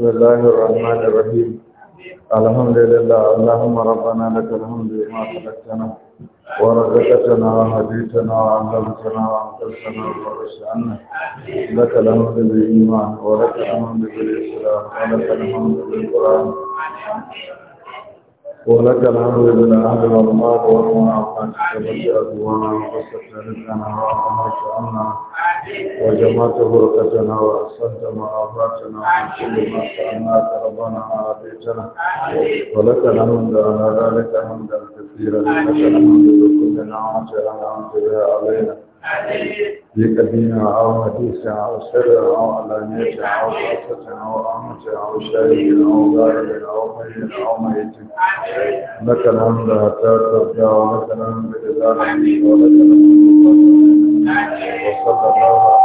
بسم الله الرحمن الرحيم الحمد لله اللهم ربنا لك الحمد بما خلقتنا ورزقتنا وهديتنا وعلمتنا وانقذتنا ورشدنا لك الحمد بالايمان ولك الحمد بالاسلام ولك الحمد بالقران ولك الحمد بالله والله وما أعطاني وما أنفسنا رزقنا وأمرت عنا وجمعت بركتنا وأحسنت مآباتنا من كل ما سألناك ربنا أعطيتنا ولك الحمد على ذلك حمدا كثيرا لك الحمد بكل نعمة أنعمت بها علينا لكبينا أو حديثا أو سرا أو علانية أو خاصة أو عامة أو شهيد أو غائب أو ميت أو ميت لك الحمد حتى ترجع ولك الحمد إذا رحمت ولك الحمد وصلى الله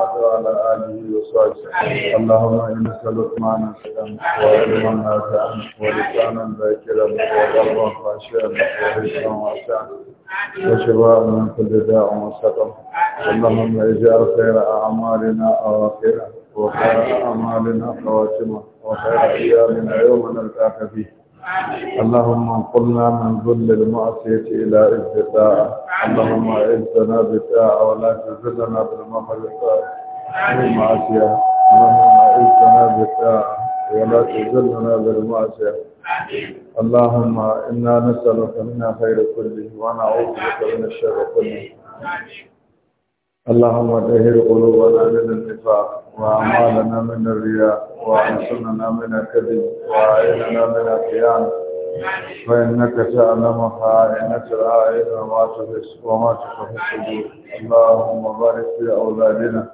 على وعلى آله وصحبه اللهم إنا نسألك ما نسألك وعلما نافعا ولسانا ذاكرا وقلبا خاشعا وحزبا واسعا وشفاء من كل داء وسقم اللهم اجعل خير اعمالنا اواخرها وخير اعمالنا خواتمها وخير ايامنا يوم نلقاك فيه اللهم انقلنا من ذل المعصية إلى عز اللهم اعزنا بالطاعة ولا تزلنا من المعصية اللهم اعزنا بالطاعة ولا تزلنا بالمعصية اللهم إنا نسألك منا خير كله ونعوذ بك من الشر كله اللهم طهر قلوبنا من النفاق وأعمالنا من الرياء وأنصرنا من الكذب وأعيننا من الخيانة فإنك تعلم خائنة الأعين وما تحس وما تخفي الصدور اللهم بارك في أولادنا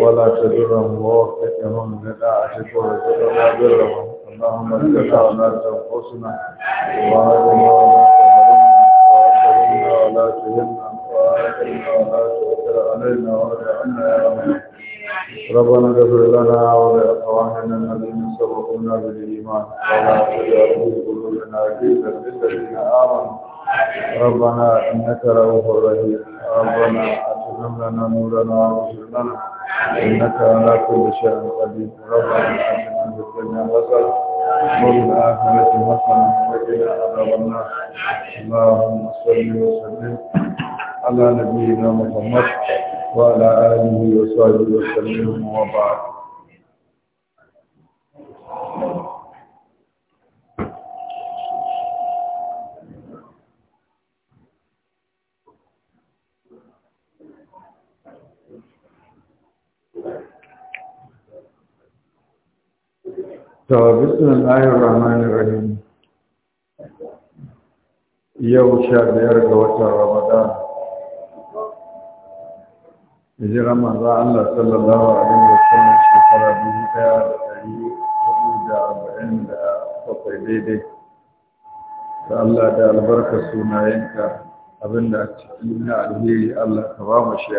ولا تدرهم ووفقهم لطاعتك ورزقنا برهم اللهم اتقى ولا تنقصنا وآتنا ولا تهرمنا ولا تهمنا وآتنا ولا تؤثر علينا وارجعنا يا رب ربنا اغفر لنا ولاخواننا الذين سبقونا بالايمان ولا تجعل في قلوبنا غيظا للذين امنوا ربنا انك رؤوف رحيم ربنا اتمم لنا نورنا واغفر لنا انك على كل شيء قدير ربنا اتنا في الدنيا حسنه وبالآخرة حسنة وقنا عذاب النار اللهم صل وسلم على نبينا محمد وعلى آله وصحبه وسلم وبعد To, bismillahir rahim. Yau sha biyar ga watan Ramadan. Iji Ramadan Allah sallallahu alaihi wa shekara dubu ɗaya da ɗari hudu da arba'in da bakwai daidai. Da Allah da albarka sunayenka abinda a ciki na alheri Allah ka ba mu shi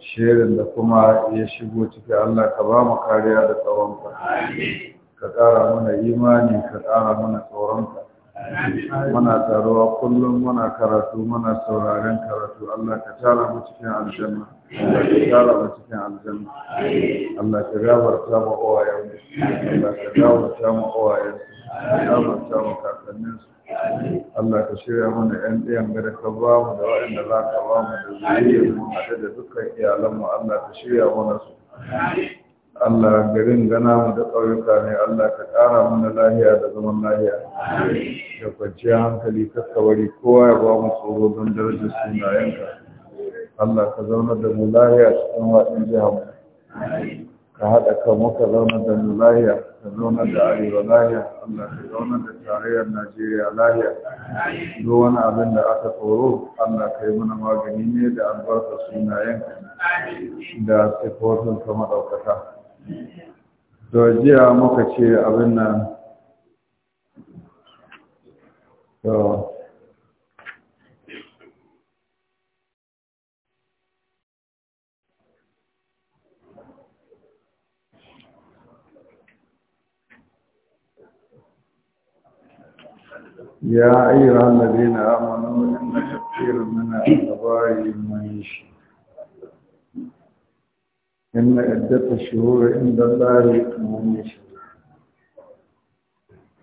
shirin da kuma ya shigo ciki Allah ka ba mu kariya da tsaronka ka ƙara mana imani ka ƙara mana tsoronka muna taruwa kullum muna karatu muna sauraren karatu Allah ka tara mu cikin aljanna Allah ka tara mu cikin aljanna Allah ka gafarta mu uwayen Allah ka gafarta mu Allah ka gafarta mu kakanninsu Allah ka shirya mana ‘yan ɗayan gada ka ba mu da waɗanda za ka ba mu da zuriyar mu haɗe da dukkan iyalanmu Allah ka shirya mana su. Allah garin gana mu da ƙauyuka ne Allah ka ƙara mana lahiya da zaman lahiya. Da kwanciya hankali kawari kowa ya ba mu tsoro don darajar sunayenka. Allah ka zauna da mu lahiya cikin waɗin jihar mu. ka haɗa kan muka zauna da lahiya ka zauna da arewa lahiya Allah ka zauna da tarayyar Najeriya lahiya duk wani abin da aka tsoro Allah ka yi mana magani ne da albarka sunayen da sifofin ka maɗaukaka to jiya muka ce abin nan يا أيها الذين آمنوا إن كثير من الأباء المعيش إن عدة الشهور عند الله المعيش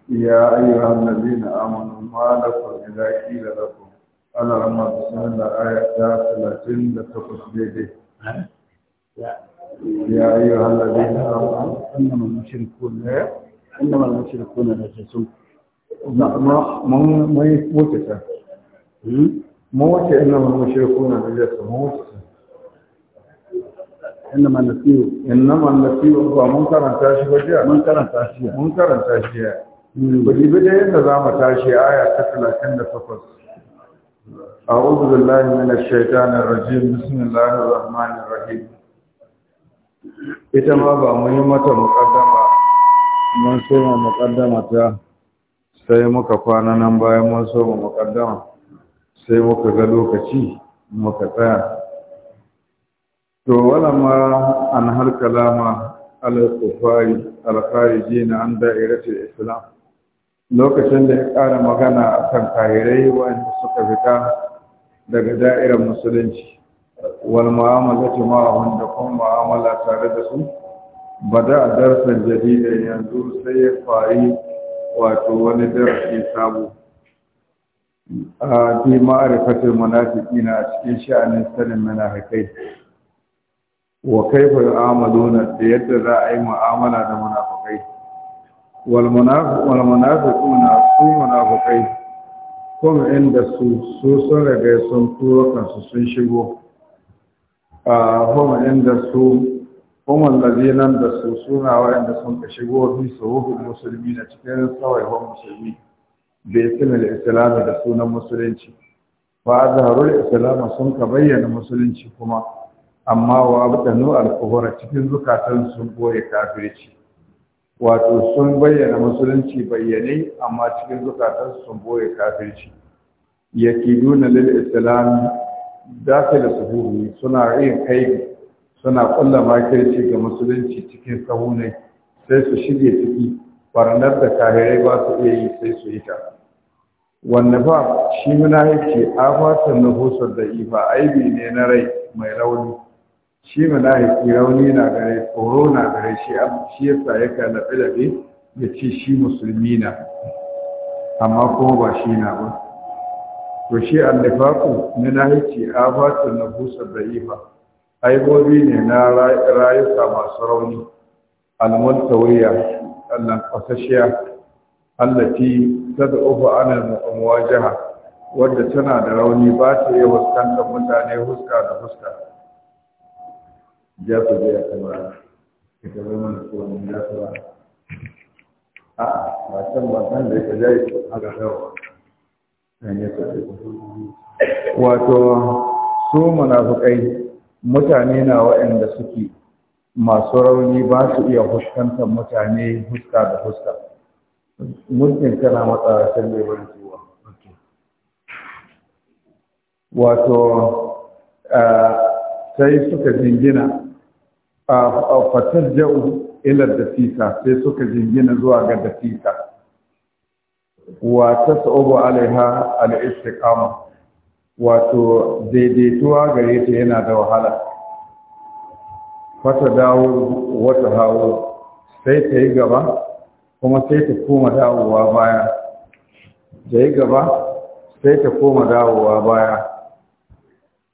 يا أيها الذين آمنوا ما لكم إذا قيل لكم أنا لما تسمعنا آية لتقص لتقصديه يا أيها الذين آمنوا إنما المشركون إيه؟ إنما المشركون نجسون من من موتسا موت إنما المشركون بالجسد موتسا إنما النسيء إنما النسيء هو منكر تاشي وجاء منكر تاشي منكر تاشي بدي بدي نظام تاشي آية تكلا كند فقط أعوذ بالله من الشيطان الرجيم بسم الله الرحمن الرحيم إتما بأمهمة مقدمة من سوى مقدمة تاشي sai muka kwana nan bayan mun so mu mukaddama sai muka ga lokaci muka tsaya to ma an har kalama al-kufari al-khariji na an da'iratul islam lokacin da ya ƙara magana akan kahirai wanda suka fita daga da'irar musulunci wal ma ma'ahum da kuma mu'amala tare da su bada darsan jadida yanzu sai ya kwayi. wato wani darasi sabo a fi ma'arifatar munafiki a cikin sha'anin sanin mana haƙai wa kaifa na da yadda za a yi mu'amala da munafikai wal na su munafikai kuma inda su su sun rage sun turo kansu sun shigo a kuma inda su kuma nan da su suna waɗanda sun ka shigo su suhufin musulmi na cikin tsawaihon musulmi da isimin islami da sunan musulunci ba a zaharul islam sun ka bayyana musulunci kuma amma wa abdanu alkuhura cikin zukatan sun goye kafirci wato sun bayyana musulunci bayyane amma cikin zukatan sun goye kafirci yakiduna lil islam dakila suhuhi suna yin kai suna kulla makirci ga musulunci cikin sahunai sai su shige ciki barnar da kahirai ba su iya yi sai su yi ta wanne ba shi munafiki na nufusar da ifa aibi ne na rai mai rauni shi munafiki rauni na gare tsoro na gare shi shi yasa ya labe labe ya ce shi musulmi na amma kuma ba shi na ba to shi annifaku munafiki na nufusar da ifa aibobi ne na rayuka masu rauni almuntawiya allah kwasashiya allati tad'u ana muwajaha wadda tana da rauni ba ta yi fuskantar mutane huska da huska ya su ya kuma ita bai mana kowane ya su ba a ba can ba san da ya ja su a ga yawa wato su munafukai mutane na waɗanda suke masu rauni ba su iya fuskantar mutane huska da huska. mulkin tana matsara sai bai wani wato sai suka jingina a fatar jau ilar da fisa sai suka jingina zuwa ga da fisa wata tas'ubu alaiha al kama. wato daidaituwa gare ta yana da wahala fata dawo wata hawo sai ta yi gaba kuma sai ta koma dawowa baya ta yi gaba sai ta koma dawowa baya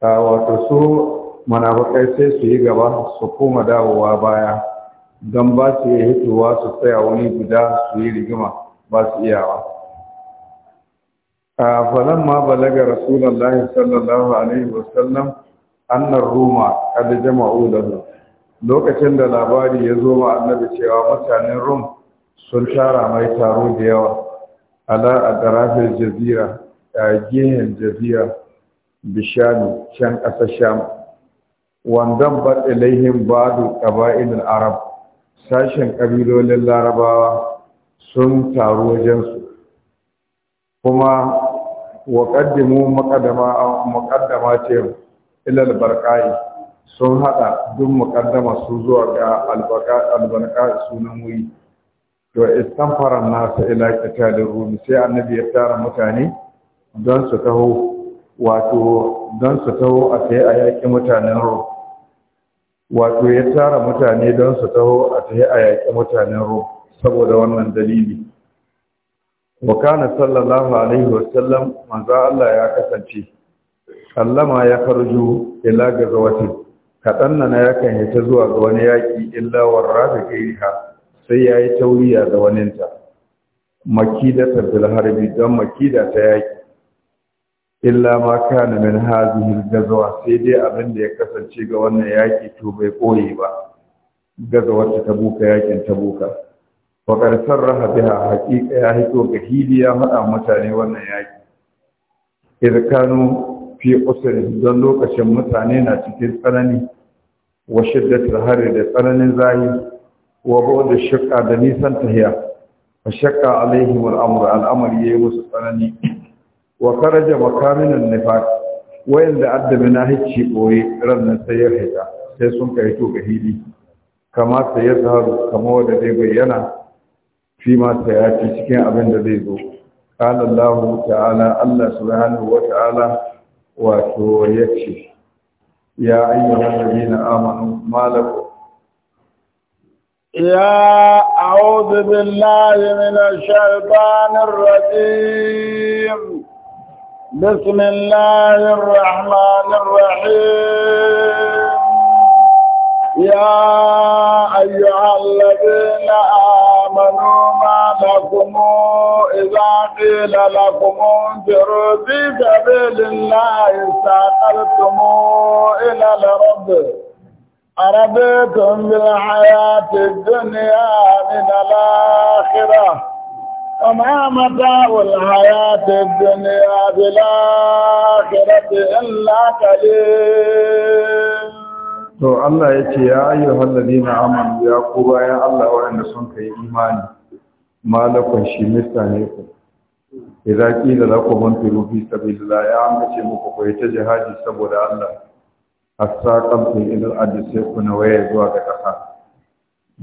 a wato su manafakai sai su yi gaba su koma dawowa baya don ba su iya hitowa su tsaya wani guda su yi rigima ba su iyawa فلما بلغ رسول الله صلى الله عليه وسلم أن الروم قد جمعوا له lokacin da labari ya zo wa annabi cewa mutanen rum sun tara mai taro da yawa ala a darafin jazira a gehen jazira bishani can ƙasar sham wandan ba ilaihin badu ƙaba'ilin arab sashen ƙabilolin larabawa sun taru wajensu kuma wa qaddimu muqaddama muqaddama ce ila albarqai sun hada duk muqaddama su zuwa ga albarqa albarqa sunan wuri to istanfara nasu ila qitalin rumi sai annabi ya tara mutane don su taho wato don su taho a sai a yaƙi mutanen rom wato ya tara mutane don su taho a sai a yaƙi mutanen rom saboda wannan dalili wa kana sallallahu alaihi wasallam manzo Allah ya kasance kallama ya farju ila gazawati kadanna na yakan ta zuwa ga wani yaki illa warra da sai yayi tauriya ga waninta makida ta bil harbi dan makida ta yaki illa ma kana min hadhihi gazwa sai dai abin da ya kasance ga wannan yaki to bai koyi ba gazawar ta buka yakin ta buka wa ƙarsar raha biha haƙiƙa ya hito ga hili ya haɗa mutane wannan yaƙi irkanu fi don lokacin mutane na cikin tsanani wa shiddatar hari da tsananin zahi wa da shakka da nisan tahiya wa shakka alaihi wal amru al ya yayi musu tsanani wa kharaja makaminan nifaq wayanda addabi na hicci boye rannan sai ya sai sun kai to ga hili kama sai ya zaharu kama wanda zai bayyana فيما سياتي سكن ابن ذي قال الله تعالى الله سبحانه وتعالى واتو يكشي يا ايها الذين امنوا ما لكم يا اعوذ بالله من الشيطان الرجيم بسم الله الرحمن الرحيم يا أيها الذين آمنوا ما لكم إذا قيل لكم انفروا في سبيل الله استقلتم إلى الأرض أرضيتم بالحياة الدنيا من الآخرة وما متاع الحياة الدنيا بالآخرة إلا قليل to Allah ya ce ya ayyuhal ladina amanu ya ku bayan Allah waɗanda sun kai imani malakun shi mista ne ku idza qila lakum anfiru fi sabilillah ya amma ce muku ko ta jihadi saboda Allah asaqam fi ilal adi sai ku na waye zuwa ga kasa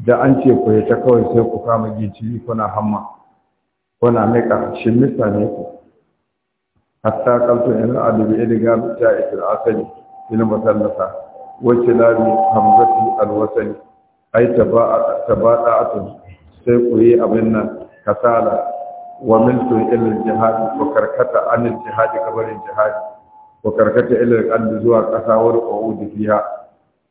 da an ce ku ta kawai sai ku kama gici kuna hamma kuna mika shi mista ne ku asaqam fi ilal adi bi idga ta isra asali ila musallasa wacce lami hamzati alwasali ai tabada'atun sai ku yi abin nan kasala wa min miltun ilil jihadi ko karkata anil jihadi kabarin jihadi Ko karkata ilil qalbi zuwa kasa wa qu'udi fiha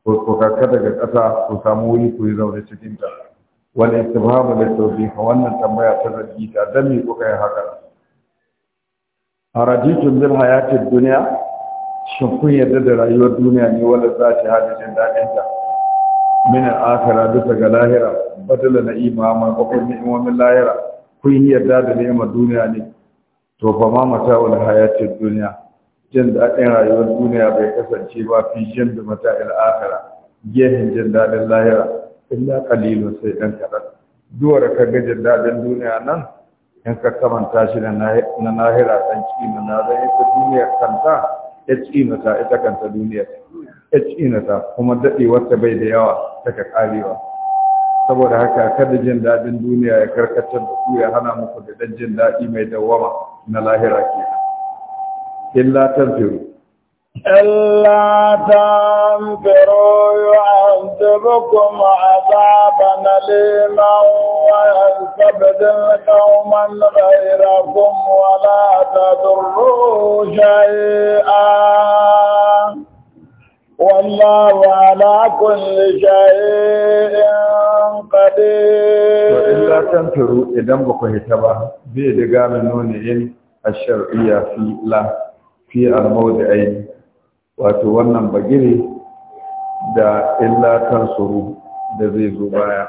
ko karkata ga kasa ku samu wuri ku yi zaune cikin ta wal istibhamu lit tawfiq wannan tambaya ta zargi ta dan me kuka yi haka arajitun bil hayatid dunya shin kun yarda da rayuwar duniya ne wanda za ta hada jin daɗin ta min akara bisa ga lahira badala na imama ko kun ni'imomin lahira kun yadda da ni'imar duniya ne to ba ma wani hayacin duniya jin daɗin rayuwar duniya bai kasance ba fi jin da mata'il akara gehin jin daɗin lahira illa ƙalilu sai ɗan kaɗan. duwar ka ga jin daɗin duniya nan in ka kamanta shi na nahira ɗan kima na zai ta duniyar kanta ya e ita kanta duniya ya e kuma daɗewarta bai da yawa daga ƙarewa saboda haka kada jin daɗin duniya ya karkatar da ku ya hana muku da ɗan jin daɗi mai dawama na lahira kenan illa tafiru إلا تنفروا يعذبكم عذابا أليما ويستبدل قوما غيركم ولا تضروا شيئا والله على كل شيء قدير وإلا تنفروا إذا بكم هتبا بيد قام النون الشرعية في لا في الموضعين wato wannan bagire da illa suru da zai zo baya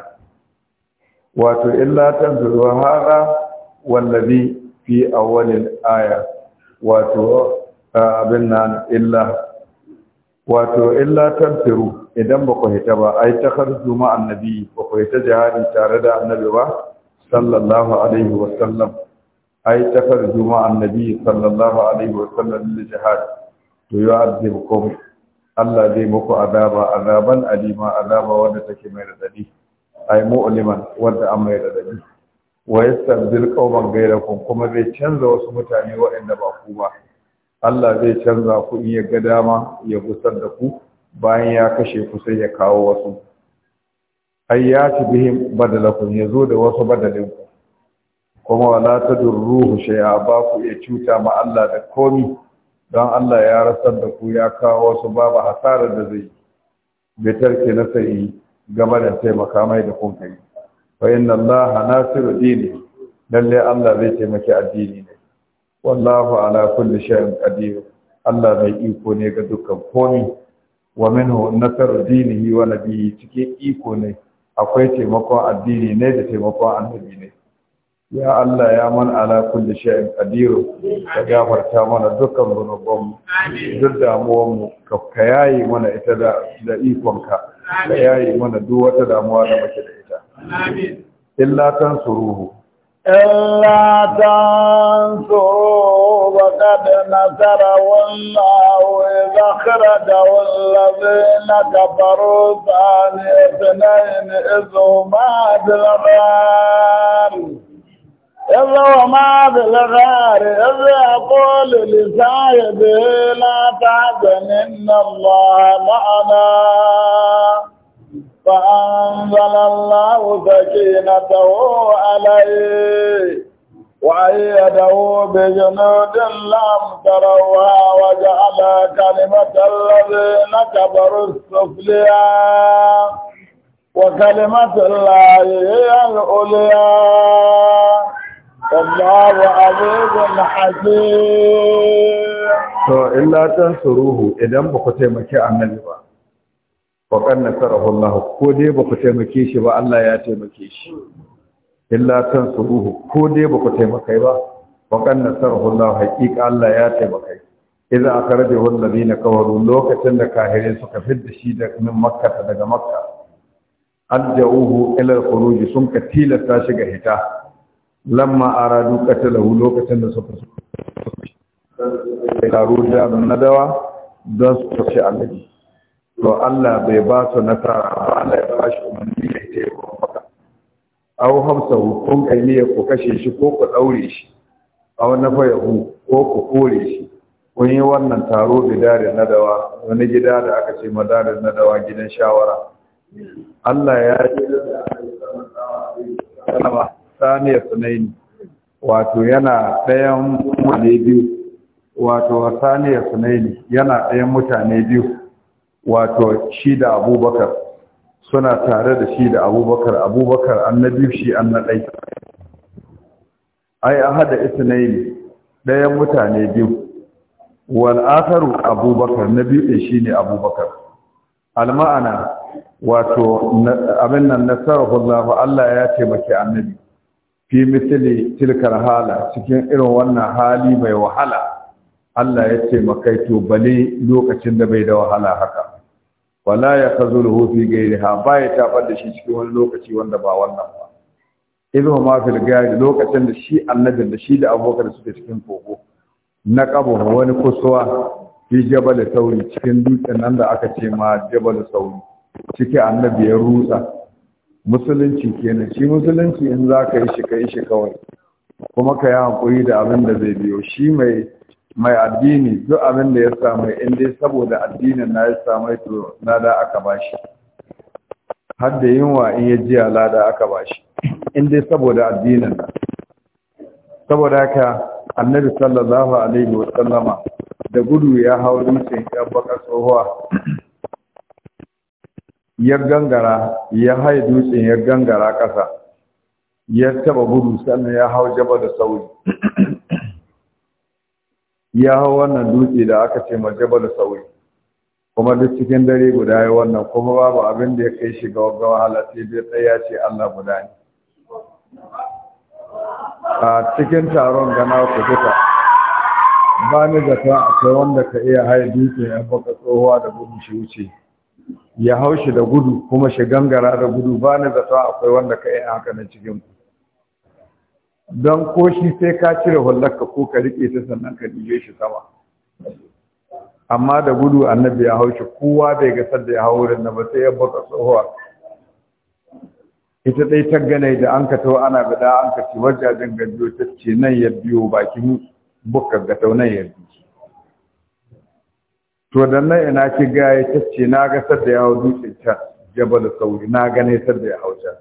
wato illa tansuru hada wallazi fi awwalil aya wato abin nan illa wato illa tansuru idan ba ku hita ba ai ta kharju ma annabi ba ku hita jihadi tare da annabi ba sallallahu alaihi wa sallam ai ta kharju ma annabi sallallahu alaihi wa sallam lil jihad to komai. Allah zai muku azaba azaban alima azaba wanda take mai radadi ai mu'liman wanda an mai radadi wa yastabdil qauman ghayrakum kuma zai canza wasu mutane waɗanda ba ku ba Allah zai canza ku in ya ga dama ya gusar da ku bayan ya kashe ku sai ya kawo wasu ai ya ci bihim badalakum ya zo da wasu badalin ku kuma wala tadurruhu shay'a ba ku iya cuta ma Allah da komi don Allah ya rasar da ku ya kawo wasu babu hasarar da zai bai ke na sai gaba da taimaka mai da kun kai fa inna Allah nasiru dini lalle Allah zai taimaki addini ne wallahu ala kulli shay'in qadir Allah mai iko ne ga dukkan komai wa minhu nasar dini wa nabi cikin iko ne akwai taimakon addini ne da taimakon annabi ne ya Allah ya man ala kulli shay'in qadir ka gafarta mana dukkan zunubanmu duk damuwanmu ka kayaye mana ita da da ikonka ka yaye mana duk wata damuwa da muke da ita amin illa tansuruhu illa tansuruhu qad nazara wallahu idha kharaja alladhina kafaru thani ibnain idh huma إذا وما بالغار إذا أقول لصاحبه لا تحزن إن الله معنا فأنزل الله سكينته عليه وأيده بجنود لم تروها وجعل كلمة الذين كفروا السفليا وكلمة الله هي العليا والله عزيز حكيم to illa tansuruhu idan ba ku taimaki annabi ba wa kan nasarahu Allah ko dai ba ku taimake shi ba Allah ya taimake shi illa tansuruhu ko dai ba ku taimaka ba wa kan nasarahu Allah haqiqa Allah ya taimaka idan akhrajahu alladhina kafaru lokacin da kafirai suka fidda shi daga makka daga makka adjauhu ila al-khuruj sun ka tilasta shiga hita lamma aradu qatalahu lokacin da suka karu da nadawa don su kashe annabi to Allah bai ba su nasara ba Allah ya ba shi umarni ya ce ko maka aw hamsa kun kai ne ku kashe shi ko ku daure shi aw nafayahu ko ku kore shi kun yi wannan taro da darin nadawa wani gida da aka ce ma nadawa gidan shawara Allah ya da ce saniyar sunaini wato yana ɗayan mutane biyu wato saniyar sunaini yana ɗayan mutane biyu wato shi da abubakar suna tare da shi da abubakar abubakar annabi shi annaɗai ai a hada isnaini ɗayan mutane biyu wal'akaru abubakar na biyu shi ne abubakar alma'ana wato abin nan nasarahu Allah Allah ya ce taimaki annabi fi misali tilkar hala cikin irin wannan hali mai wahala Allah ya ce to bale lokacin da bai da wahala haka wala ya kazulhu fi gairiha ba ya tabar da shi cikin wani lokaci wanda ba wannan ba idan ma fil gairi lokacin da shi annabin da shi da abokan suke cikin kogo na kabo wani kusuwa fi jabal sauri cikin dutsen nan da aka ce ma jabal sauri ciki annabi ya rutsa musulunci kenan shi musulunci in za ka yi shi ka yi shi kawai kuma ka yi hankuri da abin da zai biyo shi mai mai addini duk abin da ya samu in dai saboda addinin na ya samu to da aka bashi har da yunwa in ya jiya lada aka bashi in dai saboda addinin na saboda haka annabi sallallahu alaihi wa sallama da gudu ya hau dutsen yan baka tsohuwa ya gangara ya haye dutsen ya gangara ƙasa ya taba gudu sannan ya hau jaba da sauri ya hau wannan dutse da aka ce ma jaba da sauri kuma duk cikin dare guda ya wannan kuma babu abin da ya kai shi ga wahala sai dai tsaya ce Allah guda ne a cikin taron gana ku duka ba ni zata akwai wanda ka iya haye dutse ya baka tsohuwa da gudu shi wuce ya haushi da gudu kuma shi gangara da gudu ba ni zato akwai wanda ka yi haka na cikin ku don ko shi sai ka cire hullarka ko ka riƙe ta sannan ka dije shi sama amma da gudu annabi ya haushi kowa bai ga sadda ya wurin na ba sai ya baka tsohuwa ita dai ta ganai da an ka tawo ana bada an ka ci wajajen gajiyo ta ce nan ya biyo bakin bukka ga taunan ya biyo to da nan ina ki ga ya tace na ga da ya hau dutsen can jabal sauri na ga ne da ya hau can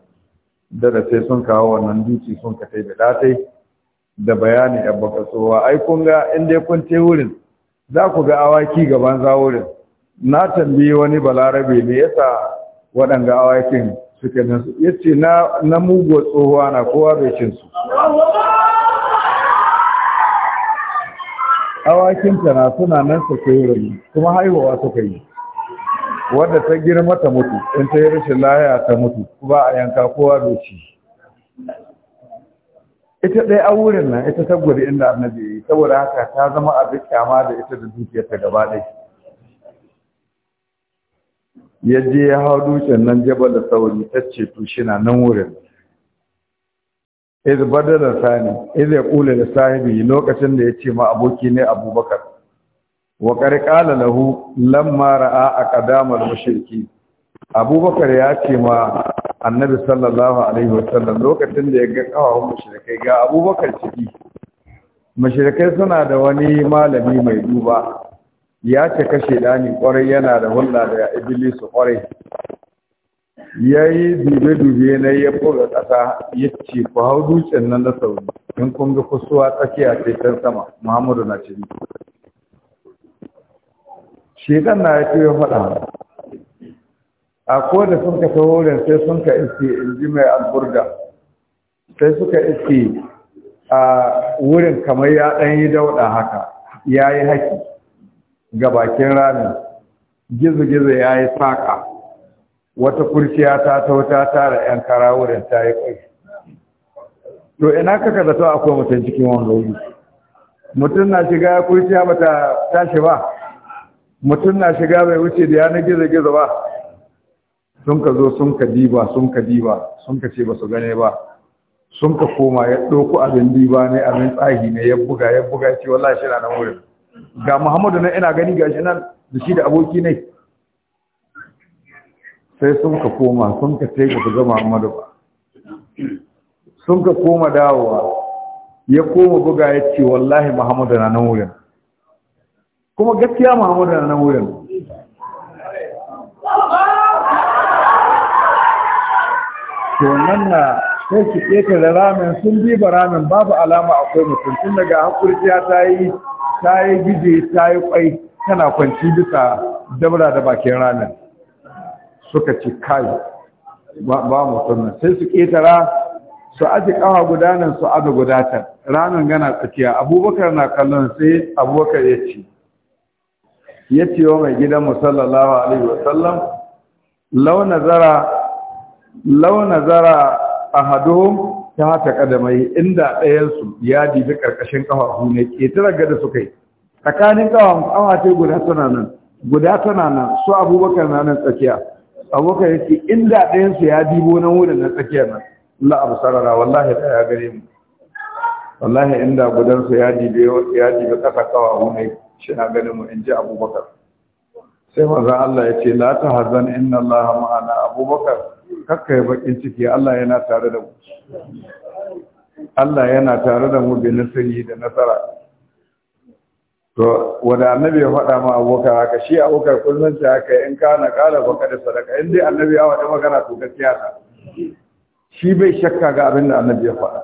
da da sai sun kawo wannan dutse sun ka tai da datai da bayani ya baka tsowa ai kun ga in dai kun ce wurin za ku ga awaki gaban za wurin na tambayi wani balarabe ne yasa waɗanga awakin suke nan yace na na mugo tsohuwa na kowa bai cin su awakinta na suna nan sake wurin kuma haihuwa suka yi wadda ta girma ta mutu in ta yi rashin laya ta mutu ba a yanka kowa doci ita ɗaya a wurin nan ita ta gudu inda annabi ya yi saboda haka ta zama duk kyama da ita da ta gaba ɗai ya je ya hau dukiyar nan jabal da sauri ta ce to shi na nan wurin iz badala sani iz ya kula da sahibi lokacin da ya ce ma aboki ne abubakar wa qarqala lahu lamma ra'a ƙadamar mushriki abubakar ya ce ma annabi sallallahu alaihi wasallam lokacin da ya ga kawawan mushrikai ga abubakar ciki mushrikai suna da wani malami mai duba ya ce kashe dani kwarai yana da hulla da iblisu kwarai ya yi dube-dube na ya buga ƙasa ya ce ku hau dutsen nan na sauri in kun ga kusuwa tsakiya sai ta sama muhammadu na ciri shekan na ya ce ya faɗa a ko da sun ka horin sai sun ka iske in ji mai alburga sai suka iske a wurin kamar ya ɗan yi dauɗa haka ya yi haki ga bakin rami gizo-gizo ya yi saƙa wata kurciya ta tauta ta tara yan karawurin ta yi kai to ina kaka zato akwai mutum cikin wani wuri mutum na shiga kurciya ba ta tashi ba mutum na shiga bai wuce da yanar gizo-gizo ba sun ka zo sun ka diba sun ka diba sun ka ce ba su gane ba sun ka koma ya ɗauko abin diba ne abin tsahi ne ya buga ya buga ce wallahi shi na nan wurin ga muhammadu nan ina gani ga shi nan da shi da aboki ne sai sun ka koma sun ka ce ba zama Muhammadu ba sun ka koma dawowa ya koma buga ya ce wallahi Muhammadu na nan wurin kuma gaskiya Muhammadu na nan wurin to nan na sai su da ramin sun diba ramin babu alama akwai mutum tun daga hakurciya ta yi ta yi gije ta yi kwai tana kwanci bisa dabra da bakin ramin suka ce kai ba mutum sai su ƙetara su aji ƙawa gudanar su aza gudatar ranar gana tsakiya abubakar na kallon sai abubakar ya ce ya ce wa mai gidan musallallahu alaihi wasallam launa zara a haduhun ta haka kadamai inda ɗayansu ya dibi ƙarƙashin ƙafafu ne ƙetare gada su kai tsakanin ƙafafu ƙafafe guda tana nan guda tana nan su abubakar na nan tsakiya abubakar yake ce inda ɗayansu ya dibo nan wurin na tsakiyar nan abu sarara wallahi da ya gare mu wallahi inda gudansu ya dibe ya dibe kasa kawa ne shi na ganin mu in ji abubakar sai maza Allah ya ce la ta hazan inna Allah ma'ana abubakar kakka ya bakin ciki Allah yana tare da mu Allah yana tare da mu bi nasiri da nasara to wanda annabi ya faɗa ma abokan haka shi abokan kullum ta haka in ka na ƙara baka da sadaka in dai annabi ya faɗa magana to gaskiya ta shi bai shakka ga abin da annabi ya faɗa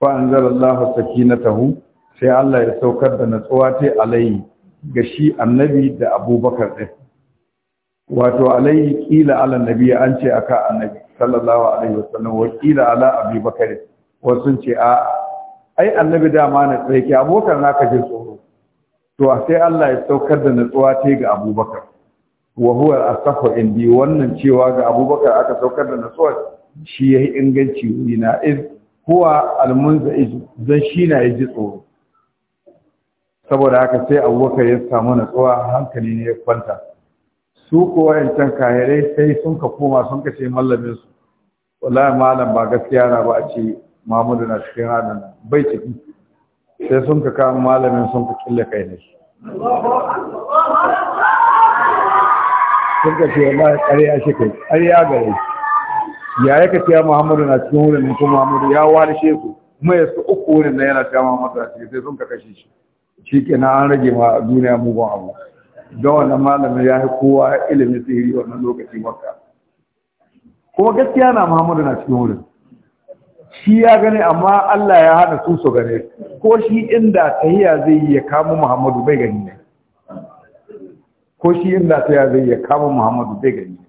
fa anzalallahu sakinatahu sai Allah ya saukar da natsuwa ta alai ga shi annabi da abubakar din wato alai kila ala nabi an ce aka annabi sallallahu alaihi wasallam wa kila ala abubakar wasun ce a ai annabi dama na tsaki abokan naka ji tsoro to sai Allah ya saukar da natsuwa ta ga abubakar wa huwa asafu indi wannan cewa ga abubakar aka saukar da natsuwa shi yayi inganci ina iz huwa almunzaiz dan shi na yaji tsoro saboda haka sai abubakar ya samu natsuwa hankali ne ya kwanta su ko wayancan kahirai sai sun ka koma sun ka ce mallamin su wallahi malam ba gaskiya na ba a ce Muhammadu na cikin halin bai ciki sai sun ka kama malamin sun ka kille kai ne sun ka ce wallahi ƙarya shi kai ƙarya gare ya ka ce Muhammadu na cikin wurin nufin Muhammadu ya warishe su kuma ya su uku wurin na yana cewa Muhammadu na cikin sai sun ka kashe shi shi na an rage ma duniya mugun abu don wannan malamin ya yi kowa ilimin sihiri wannan lokaci maka kuma gaskiya na Muhammadu na cikin wurin shi ya gane amma Allah ya hana su su gane ko shi inda tahiya zai yi ya kama Muhammadu bai gani ne ko shi inda tahiya zai ya kama Muhammadu bai gani ne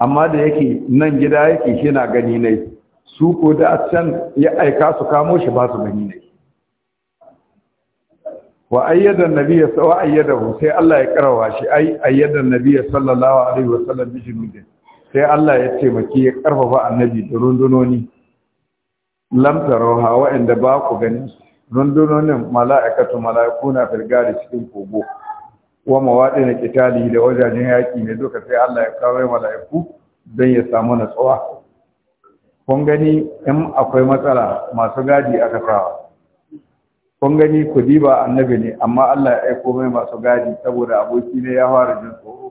amma da yake nan gida yake shi na gani ne su ko da a can ya aika su kamo shi ba su gani ne wa ayyadan nabiyya sawa ayyadahu sai Allah ya karawa shi ayyadan nabiyya sallallahu alaihi wasallam bi junudin sai Allah ya taimaki ya karfafa annabi da rundunoni lam tarawha wa'anda ba ku gani su rundunonin mala'ikatu mala'iku na firgari cikin kogo wa mawadin kitali da wajajen yaki ne duka sai Allah ya kawo mala'iku don ya samu natsuwa kun gani in akwai matsala masu gadi aka sawa kun gani ku diba annabi ne amma Allah ya aiko mai masu gadi saboda aboki ne ya fara jin tsoro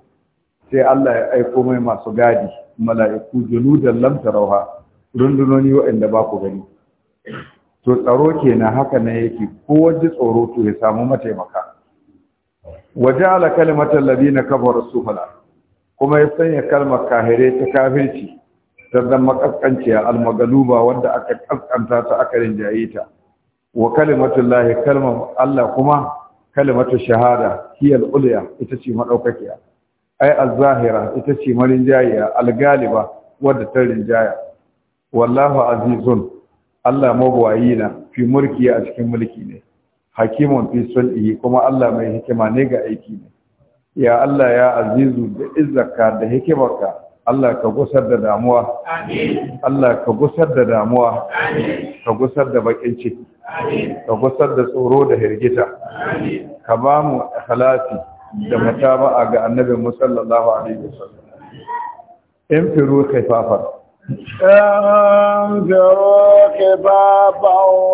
sai Allah ya aiko mai masu gadi mala'iku junudan lam tarawha rundunoni waɗanda ba ku gani to tsaro kenan haka ne yake ko waje tsoro to ya samu mataimaka waja'ala kalimatal ladina kafaru sufala kuma ya sanya kalmar kahire ta kafirci ta zama kaskanciya almagaluba wanda aka kaskanta ta aka rinjaye ta wa kalimatul lahi kalmar Allah kuma kalimatul shahada hiya al ita ce madaukakiya ai al zahira ita ce jayya al-galiba wadda ta rinjaya wallahu azizun Allah mabwayi na fi mulki a cikin mulki ne hakimun fi sulhi kuma Allah mai hikima ne ga aiki ne ya Allah ya azizu da izzaka da hikimarka Allah ka gusar da damuwa amin Allah ka gusar da damuwa amin ka gusar da bakin ciki amin ka gusar da tsoro da hirgita amin ka ba mu ikhlasi da mutaba'a ga annabin musallallahu alaihi wasallam in firu kaifafar انفروا bi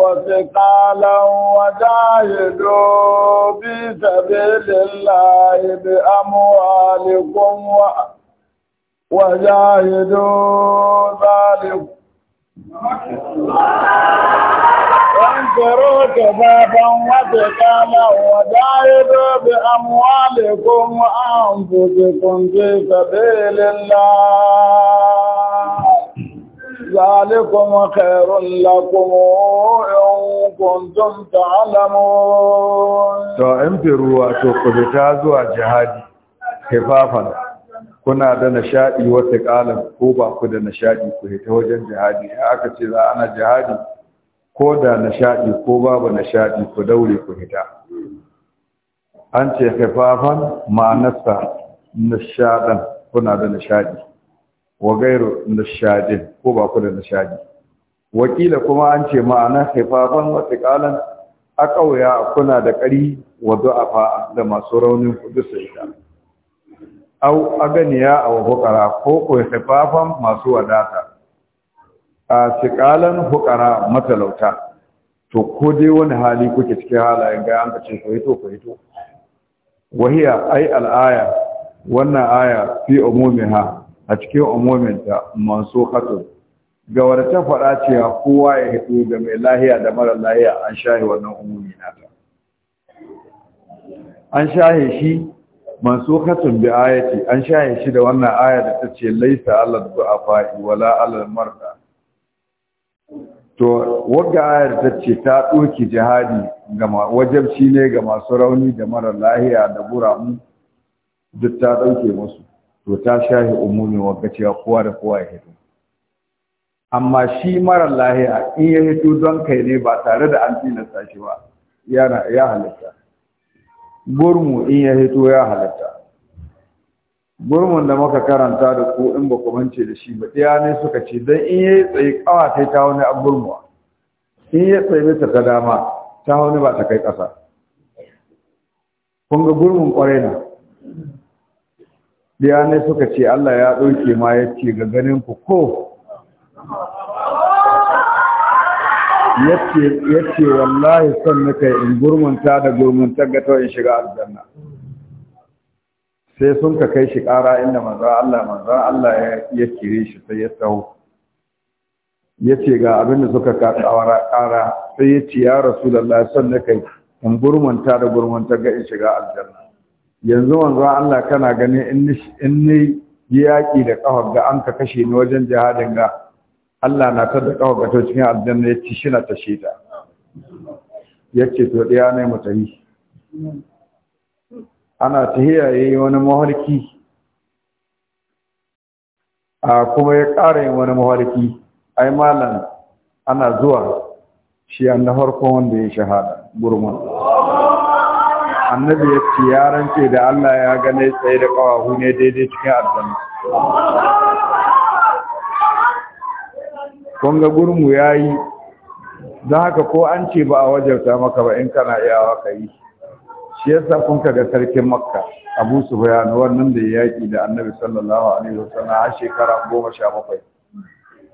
وثقالا وجاهدوا في سبيل wa بأموالكم وجاهدوا ذلك Wọ́n jẹ́rọ ọ̀tẹ̀bẹ̀ bá wọ́n tẹ̀ káàlá wọ́n dáyé lóbi àmúwà lè kó wọ́n á ń bò jẹ́ fún jẹ́ ìfẹ̀bẹ̀ẹ́lẹ̀ ńlá. Zàálékùn wọn kẹrù ńlá kúmò ẹ̀hún kò tó ń tàálàmù. kuna da nishadi wata kala ko ba ku da nishadi ku ta wajen jihadi ya aka ce za ana jihadi ko da nishadi ko babu nishadi ku daure ku hita an ce kafafan ma'anarsa nishadan kuna da nishadi wa gairu nishadin ko ba ku da nishadi wakila kuma an ce ma'ana haifafan wata a ƙauya kuna da ƙari wa du'afa da masu raunin kudu ita. au aganiya a fukara ko ko sifafan masu wadata a cikalan fuqara matalauta to ko dai wani hali kuke cikin halayen ga an kace ko hito ko hito wahiya ai al'aya wannan aya fi umumiha a cikin umuminta hato ga ta faɗa cewa kowa ya hito ga mai lahiya da mara lahiya an shahi wannan umumi nata an shahi shi hatun bi ayati an shaye shi da wannan aya da tace laisa alal du'afa wala alal marda to wanda ayar tace ta doki jihadi ga wajabci ne ga masu rauni da mara lahiya da buramu duk ta dauke musu to ta shahi umumi wanda cewa kowa da kowa ya hito amma shi mara lahiya in ya hito don kai ne ba tare da an tilasta shi ba ya halitta gurmu in ya hito ya halatta gurmun da muka karanta da ku in ba ku mance da shi ba ɗaya ne suka ce don in ya yi tsaye kawa sai ta wani a gurmuwa in ya tsaye bisa ta dama ta wani ba ta kai ƙasa kun ga gurmun ƙwarai na ɗaya ne suka ce Allah ya ɗauke ma ya ce ga ganin ku ko yace wallahi son nika in gurmunta da gurmunta ga to in shiga aljanna sai sun ka kai shi ƙara inda manzo Allah manzo Allah ya kire shi sai ya tsawo yace ga abin da suka ka tsawara ƙara sai ya ce ya rasulullahi son nika in gurmunta da gurmunta ga in shiga aljanna yanzu manzo Allah kana ganin in ni yi yaƙi da kafar ga an ka kashe ni wajen jihadin ga Allah na ta da kawakato cikin aljanna ya ci shi na tashe ta ya ce to ɗaya ne mu yi. ana ta hiyaye wani mawarki a kuma ya ƙara yin wani mawarki ai malam ana zuwa shi an na farkon wanda ya shahada gurman annabi ya ce ya ce da Allah ya gane tsaye da ƙawahu ne daidai cikin aljanna kun ga gurmu ya yi haka ko an ce ba a wajarta maka ba in kana iyawa ka yi shi yasa kun ga sarkin makka abu su bayanu wannan da ya yaƙi da annabi sallallahu alaihi wasallam A shekara goma sha bakwai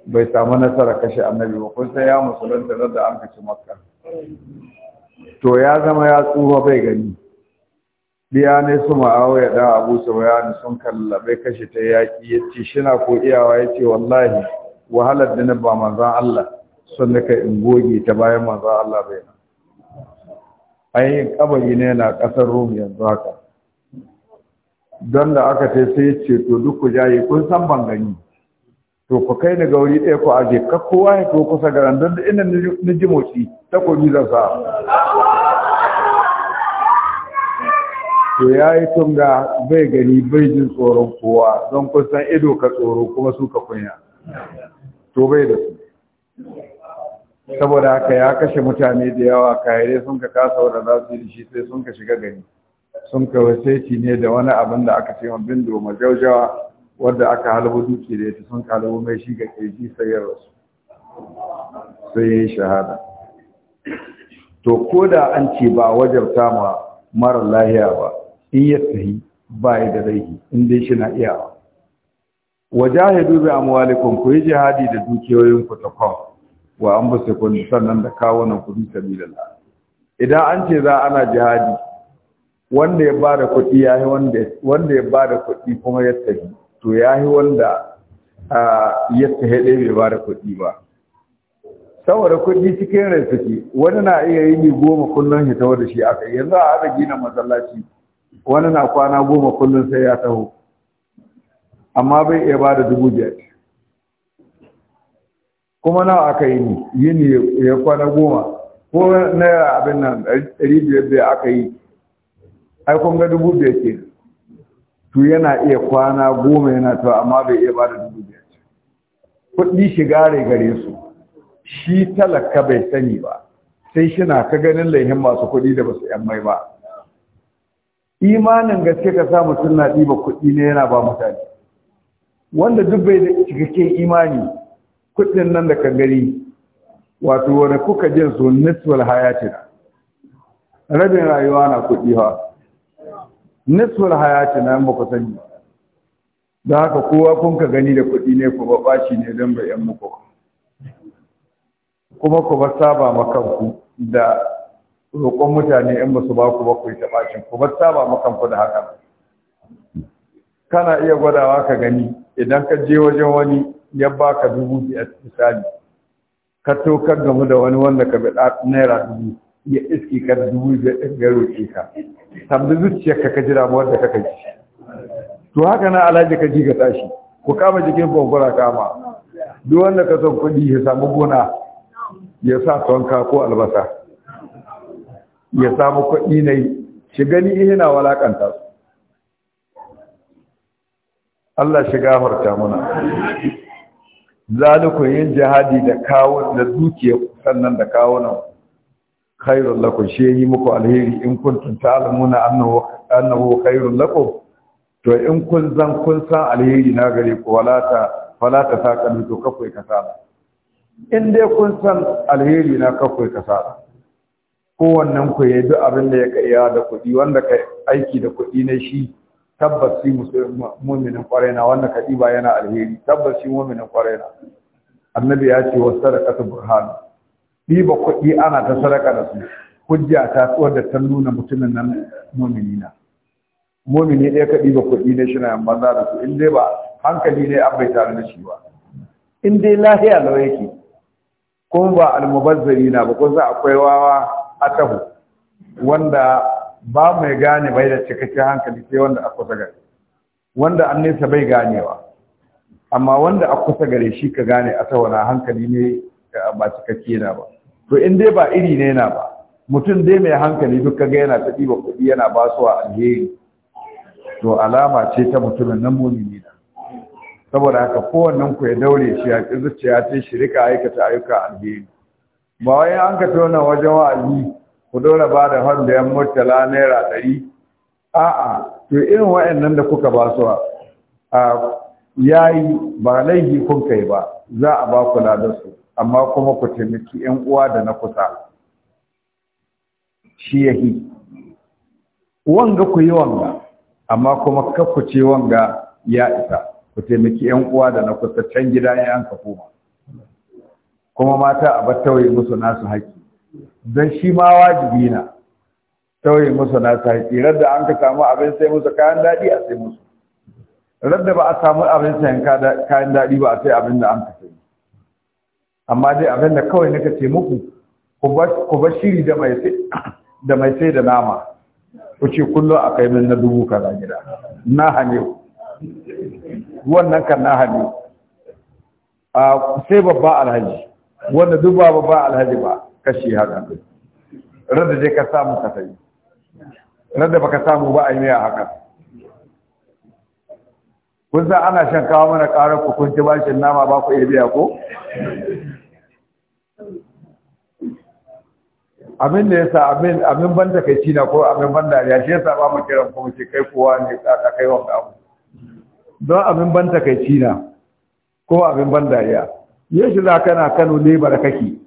bai samu nasara kashe annabi ba kun san ya musulunta da an kaci makka to ya zama ya tsufa bai gani biya ne su ya da abu su bayanu sun bai kashe ta yaƙi ya ce shina ko iyawa ya ce wallahi wahalar da na ba manzan Allah sun nika in goge ta bayan manzan Allah bai nan ainihin kabari ne na ƙasar Rom yanzu haka don da aka ce sai ce to duk ku jaye kun san ban gani to ku kai ni gauri ɗaya ku aje ka kowa ya to kusa garan don da ina na ji motsi takobi zan sa to ya yi tunga bai gani bai jin tsoron kowa don kusan ido ka tsoro kuma su ka kunya to da su saboda haka ya kashe mutane da yawa kayare sun ka kasa wadda za su yi shi sai sun ka shiga gani. sun ka waseci ne da wani abin da aka ce bin doma jaujawa wadda aka halbu duki da ita sun ka halbu mai shi ga keji sayar ya sai ya yi shahada to ko da an ce ba wajabta ma mara lahiya ba in ya tsayi ba ya da laifi, in dai shi na iyawa wajahidu bi amwalikum ku yi jihadi da dukiyoyin ku ta kawo wa an ba sai sannan da kawo nan ku bi sabilillah idan an ce za ana jihadi wanda ya bada kuɗi ya yi wanda ya ya bada kuɗi kuma ya tafi to ya yi wanda ya tafi ɗaya bai bada kuɗi ba saboda kuɗi cikin rai suke wani na iya yi goma kullum ya taho da shi aka yanzu a haɗa gina masallaci wani na kwana goma kullum sai ya taho amma bai iya ba da dubu biyar kuma nawa aka yi ni yini ya kwana goma ko naira abin nan ɗari biyar biyar aka yi ai kun ga dubu biyar ke to yana iya kwana goma yana to amma bai iya ba da dubu biyar kuɗi shiga rai gare su shi talaka bai sani ba sai shi na ka ganin laihin masu kuɗi da basu yan mai ba imanin gaske ka sa mutum na ɗiba kuɗi ne yana ba mutane wanda duk bai da cikakken imani kudin nan da kangari wato wani kuka jin su nisfal hayatina rabin rayuwa na kudi ha nisfal hayatina yamma ku sani da haka kowa kun ka gani da kudi ne ku ba ne don bai yan muku kuma ku ba saba makanku da roƙon mutane in ba su ba ku ba ku yi taɓacin ku ba saba makanku da haka kana iya gwadawa ka gani idan ka je wajen wani ya ba ka dubu biyar misali ka to ka gamu da wani wanda ka bada naira dubu ya iski ka dubu biyar da roƙe ka tambi zuciyar ka ka ji damuwar da kaka ji to haka na alhaji ka ji ka tashi ku kama jikin kwakwara kama duk wanda ka son kuɗi ya samu gona ya sa tonka ko albasa ya samu kuɗi ne shi gani yana walakanta su Allah shi gafarta muna zalikun yin jihadi da kawo da dukiya sannan da kawo nan khairul lakum shi yi muku alheri in kuntum ta'lamuna annahu annahu khairun lakum to in kun zan kun san alheri na gare ku wala ta wala ta sakalu to kafai sa. in dai kun san alheri na kafai kasala kowannen ku ya duk abin da ya kai da kuɗi wanda kai aiki da kuɗi ne shi tabbas shi mu'minin ƙwarena wannan kadiba yana alheri tabbas shi mu'minin ƙwarena annabi ya ce wasu sadaqatu burhan Diba kuɗi ana ta sadaka da su hujja ta tsuwar da ta nuna mutumin nan mu'mini na mu'mini ɗaya ka kuɗi ne shi na yan banza da su in dai ba hankali ne an bai tare da shi ba in dai lahiya lau yake kuma ba almubazzari na ba a akwai wawa atahu wanda ba mai gane bai da cikakken hankali sai wanda a kusa gare wanda an nesa bai ganewa amma wanda a kusa gare shi ka gane a tawana hankali ne ba cikakke na ba to in dai ba iri ne na ba mutum dai mai hankali duk kaga yana ta ɗiba kuɗi yana ba su alheri to alama ce ta mutumin nan mumini na saboda haka kowannen ku ya daure shi ya ƙi zuciya ta shi rika aikata ayyuka alheri ba wai an ka tona wajen wa'azi ku dora ba da hon da yan murtala naira ɗari a'a to irin wa'annan da kuka ba su a yayi ba laifi kun kai ba za a ba ku ladarsu amma kuma ku taimaki yan uwa da na kusa shi yahi wanga ku yi wanga amma kuma kakku ce wanga ya isa ku taimaki yan uwa da na kusa can gida ya an ka kuma mata a battawaye musu nasu haƙƙi don shi ma wajibi na tauye musu na ta radda an ka samu abin sai musu kayan daɗi a sai musu radda ba a samu abin sai kayan daɗi ba a sai abin da an ka sayi amma dai abin da kawai nika ce muku ku ba shiri da mai da mai sai da nama ku ce kullum a kai min na dubu kaza gida na hane wannan kan na hane sai babba alhaji wanda duk ba babba alhaji ba kashi haka rada je ka samu ka sai rada baka samu ba a yi haka kun san ana shan kawo mana ƙarar ku kun ci bashin nama ba ku iya biya ko abin da yasa abin abin ban takaici na ko abin ban dariya shi yasa ba mu kiran kuma ce kai kowa ne ka kai wa abu don abin ban takaici na ko abin ban dariya yashi za kana Kano ne barakaki?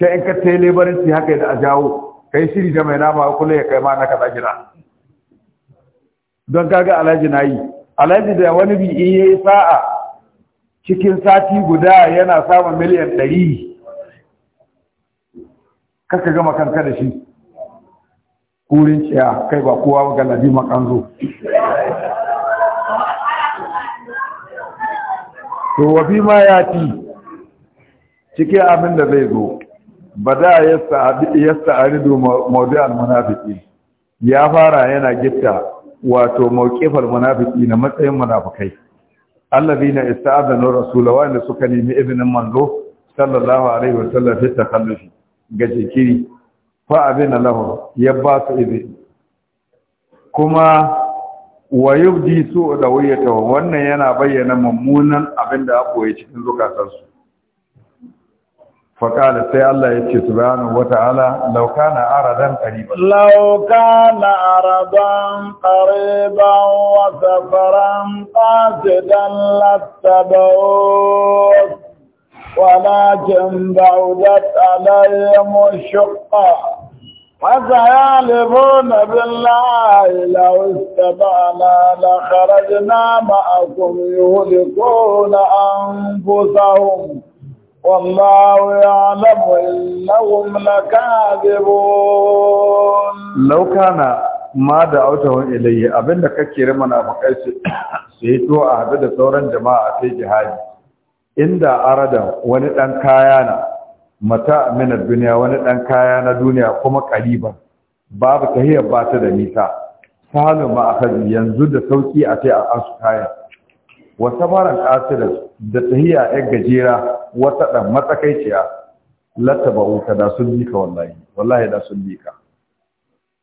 sai in ka tai lebaranci haka da a jawo ka yi shiri da mai nama kula ya kai ma na ta gida don kaga alhaji na yi alhaji da wani bi in yayi sa'a cikin sati guda yana samun miliyan ɗari kaka gama kanka da shi kurin ciya kai ba kowa ga ladi makanzo to wafi ma ya ci cikin abin da zai zo bada yasta'ridu al munafiqi ya fara yana gitta wato mawqifal munafiqi na matsayin munafikai allazina ista'adana rasulullahi wanda suka nemi ibnin manzo sallallahu alaihi wasallam fi takhallufi ga jikiri fa abin Allah ya ba su izini kuma wa yubdi su da wayyata wannan yana bayyana mummunan abin da aka koyi cikin zukatansu فقال سي الله يتي سبحانه وتعالى لو كان عرضا قريبا لو كان عرضا قريبا وسفرا قاسدا لاتبعوك ولكن بعدت عليهم الشقة فسيعلمون بالله لو استطعنا لخرجنا معكم يهلكون أنفسهم والله يعلم انهم لكاذبون لو كان ما دعوتهم اليه ابن da kake rima na fakai su sai to a hadu da sauran jama'a sai jihadi inda arada wani dan kaya na mata amina duniya wani dan kaya na duniya kuma kaliba babu tahiyar ba ta da nisa salu ma akhadi yanzu da sauki a sai a asu kaya wata safaran asirin da tahiya ‘yan gajera wata ɗan matsakaiciya ba wuta da sun bika wallahi wallahi da sun bika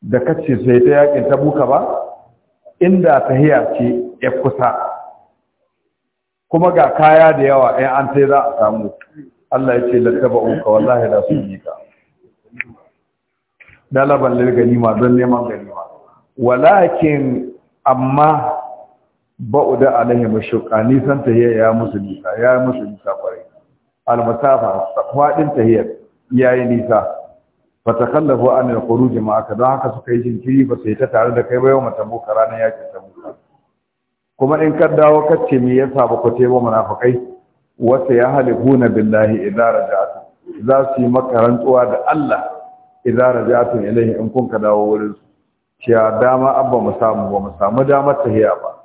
da kacce sai ta yakin ta buka ba inda tahiya ce ya kusa kuma ga kaya da yawa ɗan an sai za a samu Allah ya ce ba wuta wallahi da sun bika dalaban lirgani ma don neman ganima walakin amma ba'uda alaihi mashuqa nisan tahiyya ya musu nisa ya musu nisa kwarai almasafa fadin tahiyya yayi nisa fatakallafu an al-khuruj ka don haka suka yi jinkiri ba sai ta tare da kai ba yau mata muka ranar yakin ta kuma in ka dawo ka ce me yasa ba ku ce ba munafikai wasa ya halihuna billahi idza raja'tu za su yi maka rantsuwa da Allah idza raja'tu ilayhi in kun ka dawo wurin su cewa dama abba mu samu ba mu samu damar tahiya ba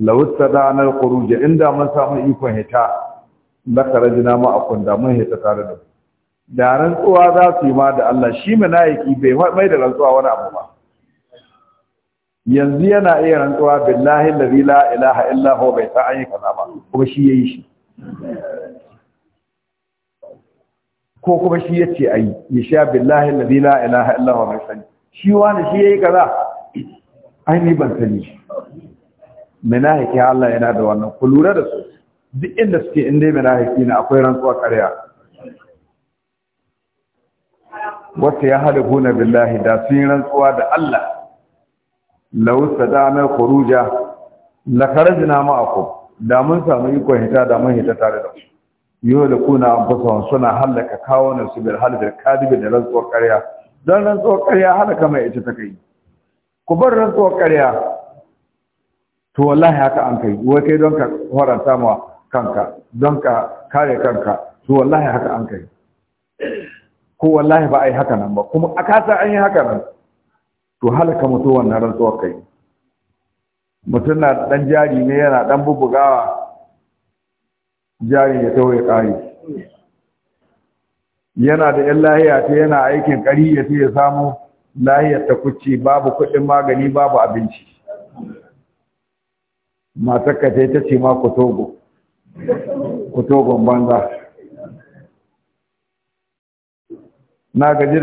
lawtada da alquruja inda mun samu ikon hita la karajina ma akun da mun hita tare da da rantsuwa za su yi ma da Allah shi manayiki bai mai da rantsuwa wani abu ba yanzu yana iya rantsuwa billahi allazi la ilaha illa hu bai ta ayi kaza ba kuma shi yayi shi ko kuma shi yace ayi ya sha billahi allazi la ilaha illa hu bai sani shi wani shi yayi kaza ai ni ban sani munafiki Allah yana da wannan ku lura da su duk inda suke inda munafiki na akwai rantsuwa ƙarya Wata ya guna billahi da sun yi rantsuwa da Allah lau sadana kuruja. la kharajna ma'akum da mun samu ikon hita da mun hita tare da ku yau da kuna anfusahum suna halaka kawunan su bil halbil kadibi da rantsuwar ƙarya don rantsuwar ƙarya halaka mai ita ta kai ku bar rantsuwar ƙarya to wallahi haka an kai wai kai don ka horanta ma kanka don ka kare kanka to wallahi haka an kai ko wallahi ba a yi haka nan ba kuma a kasa an yi haka nan to halaka mutu wannan rantsuwar kai mutum na dan jari ne yana dan bubugawa jari ya tawo ya kare yana da yan lahiya ta yana aikin kari ya ya samu lahiyar ta kuce babu kuɗin magani babu abinci matakka ta ta ce ma kutogo kotogon banza na gaji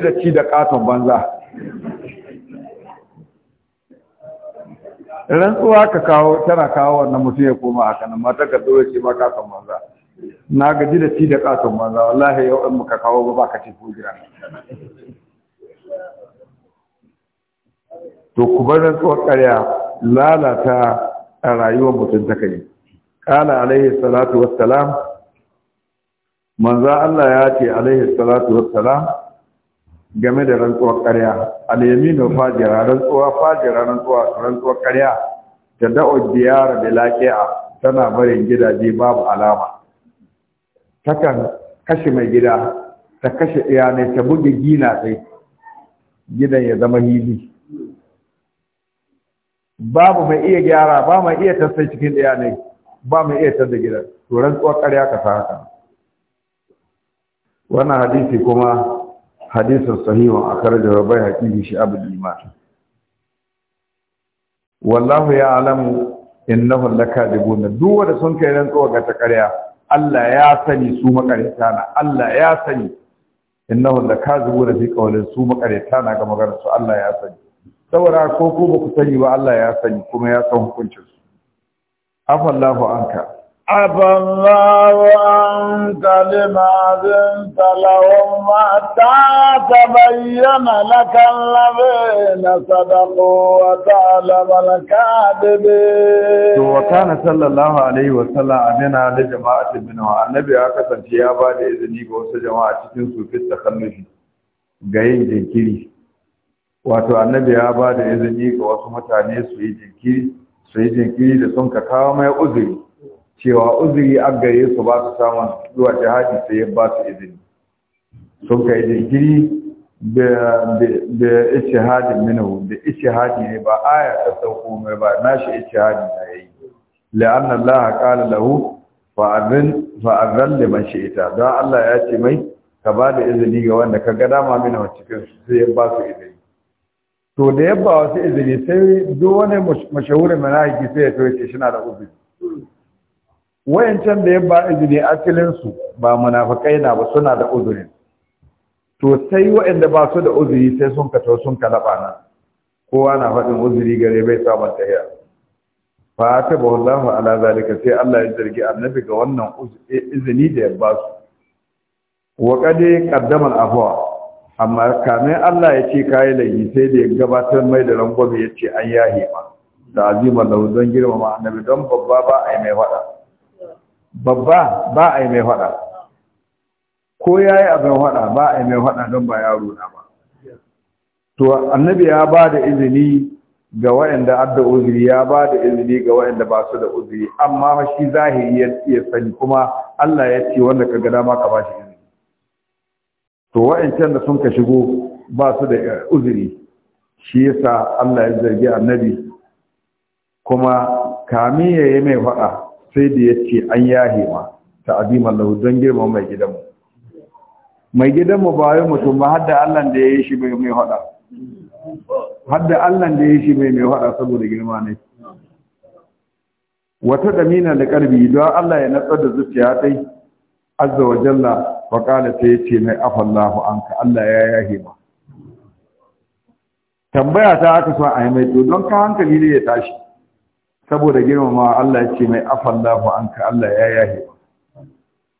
da ci da katon banza rantsuwa ka kawo tana kawo wannan mutum ya koma haka nan matakka dole ce ma katon banza na gaji da ci da katon banza wallahi yau in muka kawo ba ka ce ko jira to ku bar rantsuwar ƙarya lalata a rayuwar mutum ta kai kala alaihi salatu wassalam manzo Allah ya ce alaihi salatu wassalam game da rantsuwar ƙarya al-yaminu fajira rantsuwa fajira rantsuwa rantsuwar ƙarya ta da'o diyara da laqi'a tana barin gidaje babu alama takan kashe mai gida ta kashe iyane ta buge gina sai gidan ya zama hili babu mai iya gyara ba mai iya tasai cikin iyalai ba mai iya tasai gidan to rantsuwar ƙarya ka sa haka wannan hadisi kuma hadisin sahihu a kar da rabai hakiki shi abu iman wallahu ya alamu innahu lakadibuna duk wanda sun kai rantsuwa ga ta ƙarya Allah ya sani su makarita na Allah ya sani innahu lakadibuna fi qawlin su makarita na ga maganar su Allah ya sani saboda ko ku ba ku sani ba Allah ya sani kuma ya san hukuncin su afallahu anka afallahu anka lima zin talawum ma ta tabayyana kallabe na sadaqu wa ta'ala al-kadibin to wa kana sallallahu alaihi wa sallam amina da jama'ati bin wa annabi ya kasance ya ba da izini ga wasu jama'a cikin su fitta takallufi ga yin jinkiri wato annabi ya ba da izini ga wasu mutane su yi jinkiri su yi jinkiri da sun ka kawo mai uzuri cewa uzuri an gare su ba su samun zuwa jihadi sai ya ba su izini sun ka yi jinkiri da ishihadin minahu da ishihadi ne ba aya ta sauko mai ba shi ishihadi na yayi la'anna Allah qala lahu fa'azin fa'azan liman shi'ita don Allah ya ce mai ka ba da izini ga wanda ka ga dama mina cikin sai ya ba su izini to da yabba wasu izini sai duk wani mashahurin manahiki sai ya tauye shi na da uzuri wayancan da yabba izini asalinsu ba munafikai na ba suna da uzuri to sai wayanda ba su da uzuri sai sun kato sun kalaba na kowa na faɗin uzuri gare bai samun tahiya fa ta bahullahu ala zalika sai Allah ya zargi annabi ga wannan izini da yabba su wa qad qaddama al-afwa amma kamin Allah ya ce kayi laifi sai da ya gabatar mai da rangwame ya ce an yahe ma da azimar da girma girmama annabi don babba ba a yi mai faɗa babba ba a yi mai faɗa ko ya yi abin faɗa ba a yi mai faɗa don ba yaro na ba to annabi ya ba da izini ga waɗanda adda uzuri ya ba da izini ga waɗanda ba su da uzuri amma shi zahiri ya sani kuma Allah ya ce wanda ka ga dama ka ba shi izini to wa'ancan da sun ka shigo ba su da uzuri shi yasa Allah ya zargi annabi kuma kami ya yi mai faɗa sai da ya ce an yahe ma ta'aziman lahu don girma mai gidanmu mai gidanmu ba wai mutum ba hadda Allah da ya yi shi mai mai faɗa hadda Allah da ya shi mai mai faɗa saboda girma ne wata damina da karbi don Allah ya natsar da zuciya tai azza wa jalla faƙala ta sai ce mai afallahu anka Allah ya yahe ma tambaya ta aka so a yi mai to don ka hankali ne ya tashi saboda girmama Allah ce mai afallahu anka Allah ya yahe ma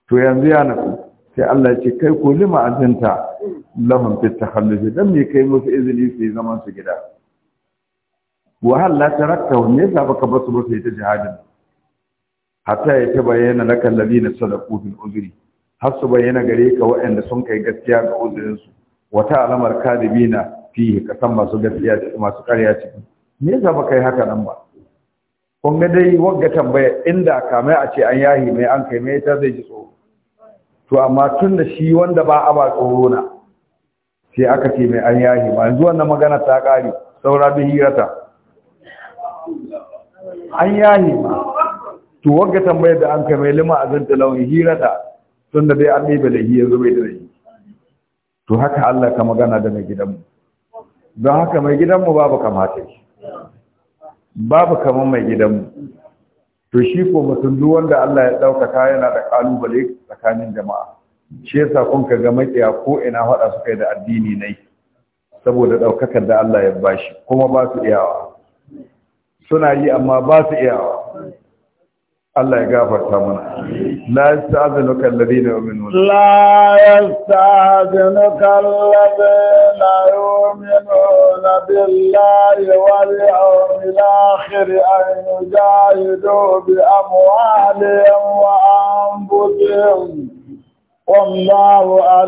to yanzu ya nufi sai Allah ce kai ko lima azinta lahun fit takhallufi dan me kai musu izini su yi zaman su gida wahal la tarakta ne yasa baka basu basu ta jihadin hatta ya yana lakal ladina sadaqu bil uzri har su bayyana gare ka waɗanda sun kai gaskiya ga uzurinsu wata alamar kadibina fihi ka san masu gaskiya masu ƙarya ciki me yasa ba yi haka nan ba kun ga dai wagga tambaya inda kamai a ce an yahi mai an kai mai ta zai ji tsoro to amma tun da shi wanda ba a ba tsoro na sai aka ce mai an yahi ma yanzu wannan magana ta ƙare saura bi hirata an yahi ma to wagga tambaya da an kai mai lima azanta launi hirata tun da dai an ɗebe da hiyar bai da rai to haka Allah ka magana da mai gidanmu don haka mai gidanmu babu kamata shi babu kamar mai gidanmu to shi ko mutum duk wanda Allah ya ɗaukaka yana da ƙalubale tsakanin jama'a shi sa kun ka ga maƙiya ko ina haɗa su kai da addini nai. saboda ɗaukakar da Allah ya bashi kuma ba su iyawa suna yi amma ba su iyawa الله يغفرت منا لا يستعذنك الذين يؤمنون لا يستعذنك الذين يؤمنون بالله واليوم الآخر أن يجاهدوا بأموالهم وأنفسهم والله ya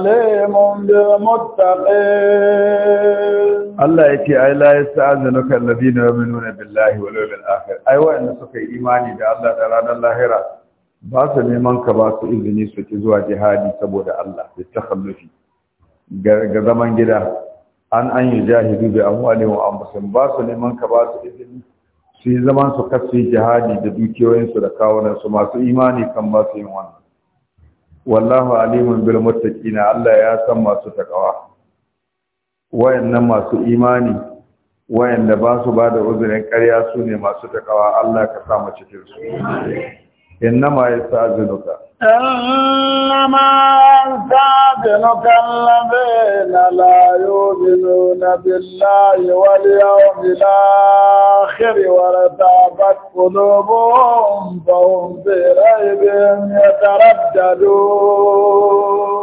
بالمتقين الله yake ai la yasta'zinuka alladhina yu'minuna billahi wal yawmil akhir ai wa'anda suka yi imani da Allah da ranar lahira ba su neman ka ba su izini su zuwa jihadi saboda Allah da takhallufi ga zaman gida an an yi jahidu bi amwalihim wa anfusihim ba su neman ka ba su izini su yi zaman su kasu jihadi da dukiyoyinsu da kawunan su masu imani kan ba su yin wannan wallahu alimun bil muttaqina Allah ya san masu takawa wayannan masu imani wayanda ba su ba da uzurin ƙarya su ne masu takawa Allah ka sa mu cikin su innama yastazinuka انما الفاد نكلمين لا يؤمنون بالله واليوم الاخر ورتابت قلوبهم فهم في ريب يترددون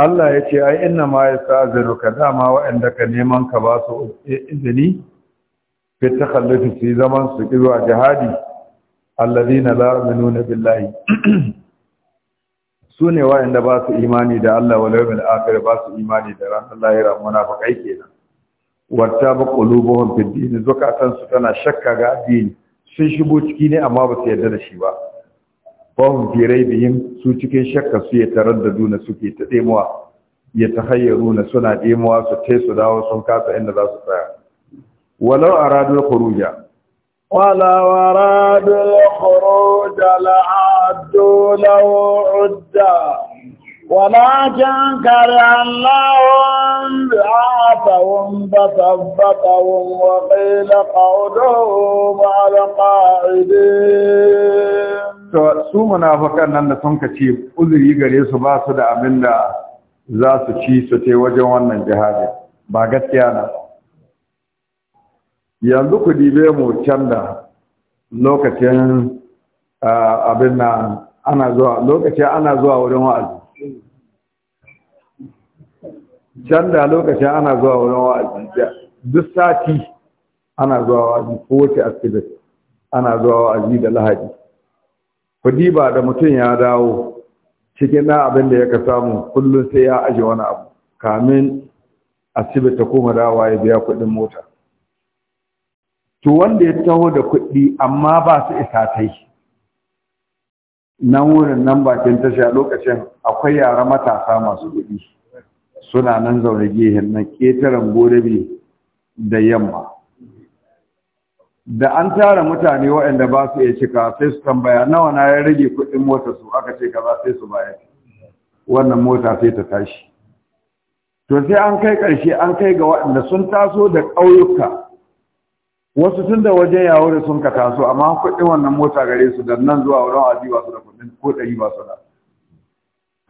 الله يتي انما يستاذنك داما وعندك نيمان كباس اذني في في زمن سكيزوا جهادي الذين لا يؤمنون بالله su ne wa'anda ba su imani da Allah wa yawmil akhir ba su imani da ranar lahira munafiqai kenan wata ba qulubuhum fid din tana shakka ga addini sun shigo ciki ne amma ba su yarda da shi ba fahum fi biyin, su cikin shakka su ya taraddadu na suke ta demuwa ya na suna demuwa su tai su dawo sun kasa inda za su tsaya walau aradul khuruja walau aradul khuruja la'a أعدوا له عدا ولكن كره الله بعاثهم فثبتهم وقيل قعدوا مع القاعدين to su munafikan nan da sun ci uzuri gare su ba su da abin da za su ci su te wajen wannan jihadi ba gaskiya na yanzu ku dibe mu can da lokacin abin na ana zuwa lokaci ana zuwa wurin wa'azi can da lokaci ana zuwa wurin wa'azi duk sati ana zuwa wa'azi ko wace asibit ana zuwa wa'azi da lahadi kudi ba da mutum ya dawo cikin na abin da ya ka samu kullum sai ya aje wani abu kamin asibit ta koma dawa ya biya kudin mota to wanda ya taho da kuɗi amma ba su isa ta yi nan wurin nan bakin tasha lokacin akwai yara matasa masu kuɗi suna nan zaune gehen na ƙetaren godabi da yamma da an tara mutane waɗanda ba su iya cika sai su tambaya nawa na ya rage kuɗin mota su aka ce kaza sai su bayar wannan mota sai ta tashi to sai an kai ƙarshe an kai ga waɗanda sun taso da ƙauyuka wasu tun da wajen yawo da sun ka taso amma kuɗin wannan mota gare su da nan zuwa wurin aji ba su da kuɗin ko ɗari ba su da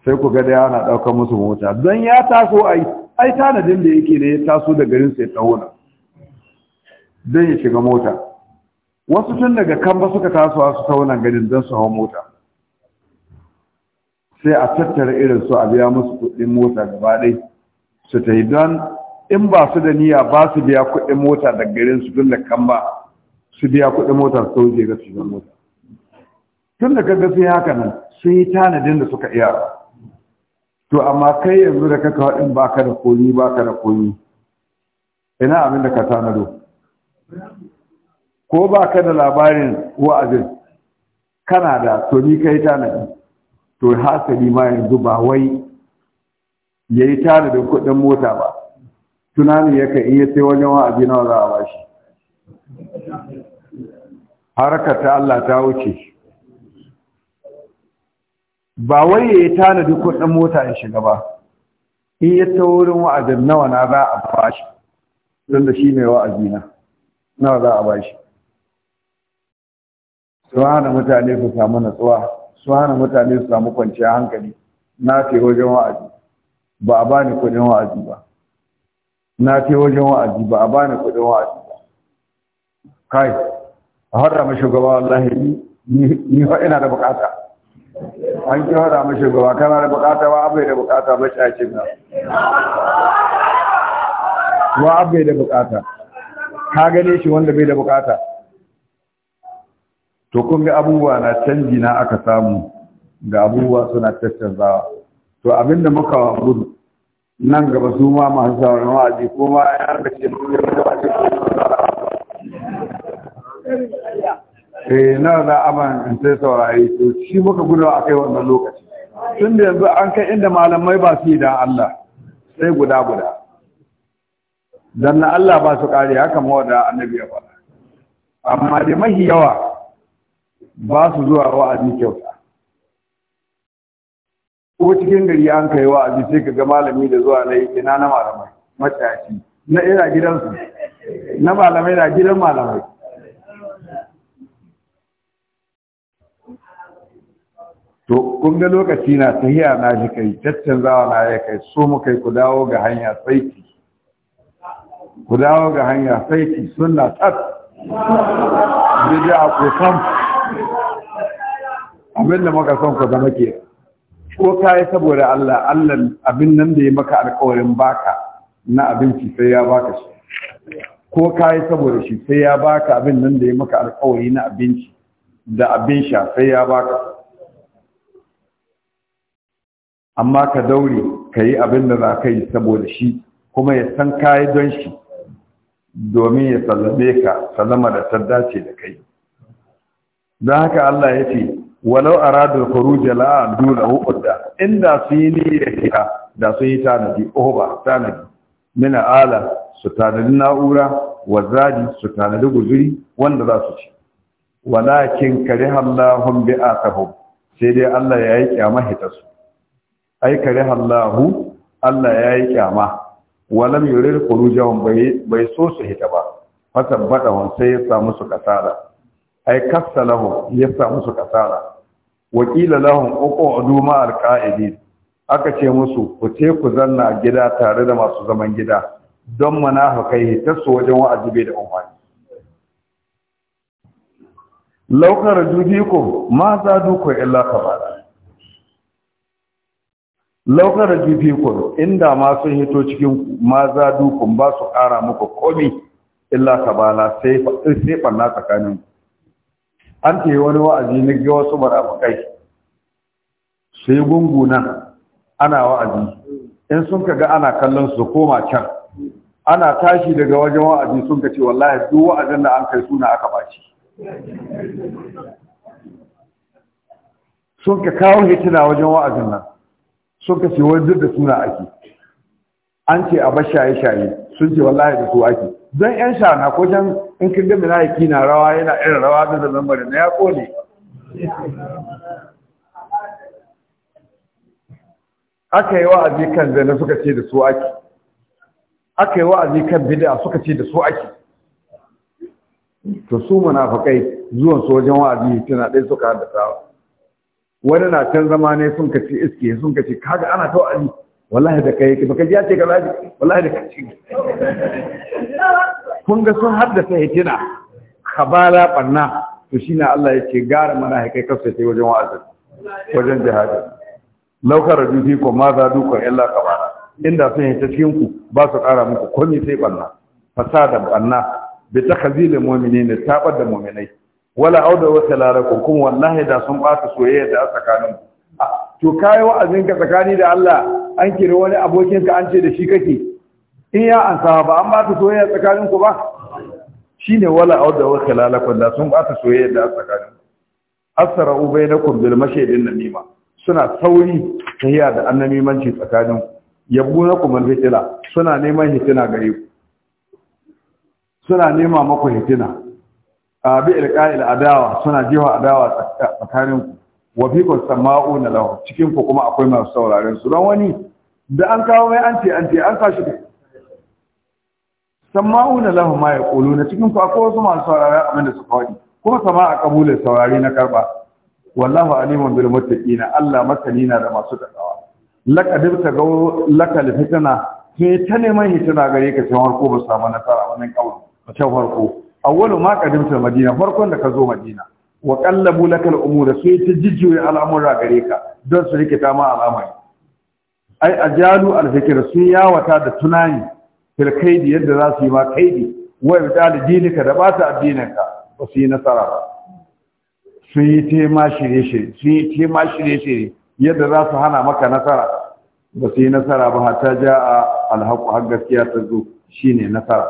sai ku ga da yana ɗaukar musu mota don ya taso ai ai tanadin da yake ne ya taso da garin sai taho na don ya shiga mota wasu tun daga kan ba suka tasowa su taho ganin garin don su hau mota sai a tattara irin su a biya musu kuɗin mota gaba ɗai su ta yi don in ba su da niyya ba su biya kuɗin mota da garin su tun da kan ba su biya kuɗin mota su je ga shigar mota tun da kaga sun haka nan sun yi tanadin da suka iya to amma kai yanzu da kaka waɗin ba ka da komi ba ka da komi ina abin da ka tanado ko ba ka da labarin wa'azin kana da to ni kai tanadi to hasali ma yanzu ba wai ya yi tanadin kuɗin mota ba tunani ya yake iya sai wajen wa'azi nawa za a bashi harkar ta Allah ta wuce ba wai ya tanadi kuɗin mota ya shiga ba in ya ta wurin wa'azin nawa na za a bashi don da shi mai wa'azi na nawa za a bashi su hana mutane su samu natsuwa su hana mutane su samu kwanciyar hankali na ce wajen wa'azi ba a bani kuɗin wa'azi ba na ce wajen wa'azi ba a bani kuɗin wa'azi ba kai a harra mashi gaba wallahi ni fa ina da bukata an ki harra mashi gaba kana da bukata ba abai da bukata ba shakin na wa abai da bukata ka gane shi wanda bai da bukata to kun ga abubuwa na canji na aka samu ga abubuwa suna tattanzawa, to abinda muka gudu nan gaba su ma masu sauran wa'azi ko ma ya harka da mun yi wata wace eh na da aban in sai saurayi to shi muka gudu a kai wannan lokaci tun da yanzu an kai inda malamai ba su yi da Allah sai guda guda dan na Allah ba su kare haka ma wanda annabi ya faɗa amma da mahi yawa ba su zuwa wa'azi kyauta ko cikin gari an kai wa aji sai ka ga malami da zuwa na ina na malamai matashi na ina gidansu na malamai na gidan malamai to kun ga lokaci na tahiya na shi kai caccanzawa na ya kai so mu kai ku dawo ga hanya saiti ku dawo ga hanya saiki sunna tat bid'a ku san abinda muka son ku zama kenan ko ka yi saboda Allah Allah abin nan da ya maka alƙawarin baka na abinci sai ya baka shi ko ka yi saboda shi sai ya baka abin nan da ya maka alƙawari na abinci da abin sha sai ya baka amma ka daure ka yi abin da za ka yi saboda shi kuma ya san kayi don shi domin ya sallame ka salama da ta dace da kai don haka Allah ya ce walau aradul jala a dula hukunta inda su yi ne da su yi tanadi oba tanadi mina ala su tanadi na'ura wa zadi su tanadi guzuri wanda za su ci walakin a kahu sai dai Allah ya yi kyama hita su. ai kare hallahu Allah ya yi kyama walam yurid khurujahum bai bai so su hita ba fasabbata sai ya samu su kasala ai kasta lahu, ya musu kasara wakila lahum uqudu ma alqa'idin aka ce musu ku ce ku zanna gida tare da masu zaman gida don munafikai ta su wajen wa'azi bai da umma laukar judiku ma za duku illa kabara laukar judiku inda ma sun hito cikin ma za duku ba su kara muku komi illa kabala sai sai barna tsakaninku. an ta yi wani wa'azi na ga wasu marafakai Su yi gunguna, ana wa'azi in sun ka ga ana kallon su koma can ana tashi daga wajen wa'azi sun ka ce wallahi duk wa'azin da an kai suna aka baci sun ka kawo hitina wajen wa'azin nan sun ka ce wani duk da suna ake an ce a bashaye shaye-shaye sun ce wallahi da su ake don yan shana ko can in kin na minayaki na rawa yana irin rawa da bari na ya kone aka yi wa'azi kan zane suka ce da su ake aka yi wa'azi kan bid'a suka ce da su ake to su munafikai zuwan su wajen wa'azi tana ɗaya suka haddasa wani na can zama ne sun kace iske sun kace kaga ana ta wa'azi wallahi da kai baka ji ya ce kaza wallahi da kai kun ga sun haddasa hitina kabala banna to shine Allah ya ce gara mana kai kafsa sai wajen wa'azi wajen jihadi law karaju fi ko ma za duka illa kabala inda sun hita cikin ku ba su kara muku komai sai banna fasada banna bi takhzil mu'minina tabar da mu'minai wala auda wa talarakum kuma wallahi da sun bata soyayya da tsakaninku. to kayi wa'azinka tsakani da Allah an kira wani abokinka an ce da shi kake in ya ansa ba an ba ta soyayya tsakanin ku ba shine wala auda wa khilalakum da sun ba ta soyayya da tsakanin asra ubainakum bil mashaydin namima suna sauri tahiya da annamimanci tsakanin na al fitila suna neman hitina gare ku suna nema maku hitina a bi adawa suna jiwa adawa tsakanin ku wa bikum sama'una lahu cikin ku kuma akwai masu sauraron su don wani da an kawo mai an ce an ce an kashi kai sama'una lahu ma na cikin ku akwai wasu masu sauraron abin da su faɗi. kuma a qabulin saurare na karba wallahu alimun bil muttaqina Allah masani na da masu takawa laqad tagaw lakal fitana ke ta neman hituna gare ka sai ko ba samu nasara wannan kawai a can farko awwalu ma qadimta madina farkon da ka zo madina wa qallabu lakal umura sai ta jijjiwe al'amura gare ka don su rikita ma al'amari ai ajalu al-fikr sun yawata da tunani fil kaidi yadda za su yi ma kaidi wa ibdal dinika da bata addininka ba su yi nasara ba sun yi tema shirye-shirye sun yi tema shirye-shirye yadda za su hana maka nasara ba su yi nasara ba hatta a alhaku har gaskiya ta zo shine nasara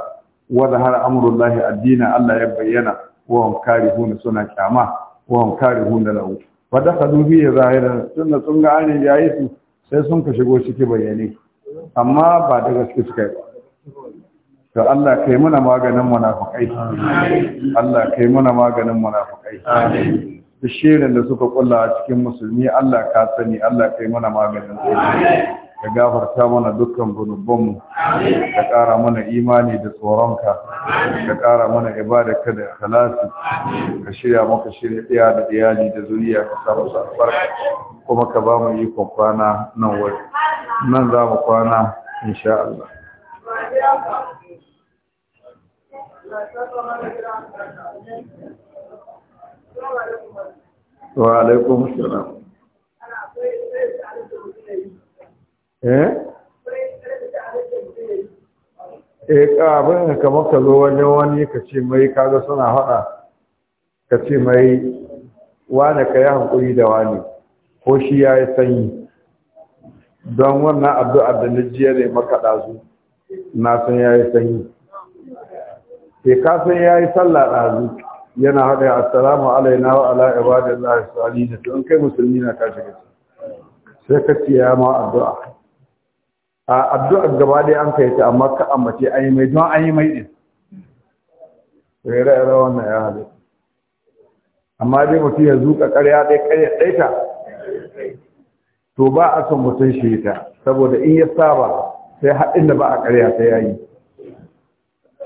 wa zahara amrullahi addina Allah ya bayyana wa karihuna suna kyama wa karihuna lahu fa dakhalu bi zahiran Tunda sun ga an yayi su sai sun ka shigo ciki bayyane amma ba da gaske suka ba. to Allah kai muna maganin munafikai Allah kai muna maganin munafikai amin shirin da suka kulla a cikin musulmi Allah ka sani Allah kai muna maganin su ka gafarta mana dukkan zunubanmu ka ƙara mana imani da tsoronka ka ƙara mana ibadarka da ikhlasi ka shirya maka shirya ɗaya da iyali da zuriya ka sa musu albarka kuma ka ba mu ikon kwana nan wai nan za mu kwana insha Allah wa alaikum salam eh Eh abin da kamar ka zo wani wani ka ce mai kaga suna hada, ka ce mai wane ka yi hankuri da wani ko shi ya yi sanyi don wannan abu da na jiya ne maka ɗazu na san ya yi sanyi ke eh, ka san ya yi sallah ɗazu yana haɗa assalamu alaina wa ala ibadillahi salihin to in kai musulmi na ka shiga sai ka ce ya ma addu'a a addu'ar gaba ɗaya an kai ta amma ka ammace an yi mai don an yi mai din rere-rere wannan ya haɗu amma dai mutum ya zuƙa ƙarya dai ƙarya ta, to ba a son mutum shi ta saboda in ya saba sai haɗin da ba a ƙarya ta yayi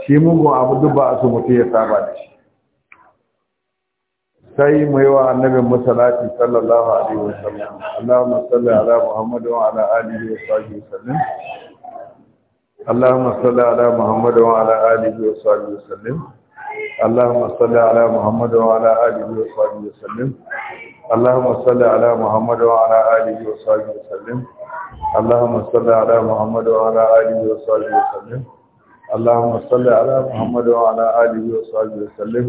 shi mugun abu duk ba a son mutum ya saba da shi sai mu yi wa annabin masalati sallallahu alaihi wa sallam Allahumma salli ala Muhammad wa ala alihi wa sahbihi sallam Allahumma salli ala Muhammad wa ala alihi wa sahbihi sallam Allahumma salli ala Muhammad wa ala alihi wa sahbihi sallam Allahumma salli ala Muhammad wa ala alihi wa sahbihi sallam Allahumma salli ala Muhammad wa ala alihi wa sahbihi sallam Allahumma salli ala Muhammad wa ala alihi wa sahbihi sallam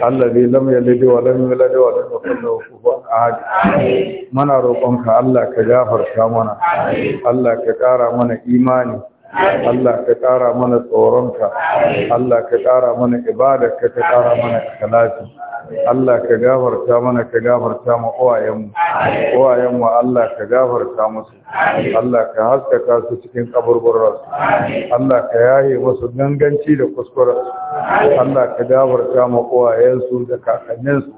ya الذي لم يلد ولم يولد ولم يكن له كفوا احد muna roƙonka Allah ka gafarta mana Allah ka ƙara mana imani Allah ka ƙara mana tsoronka Allah ka ƙara mana ibadarka ka ƙara mana ikhlasi Allah ka gafarta mana ka gafarta mu uwayenmu uwayenmu Allah ka gafarta musu Allah ka haskaka su cikin kaburburan Allah ka yaye musu ganganci da kuskuren Allah ka gafarta mu uwayensu da kakanninsu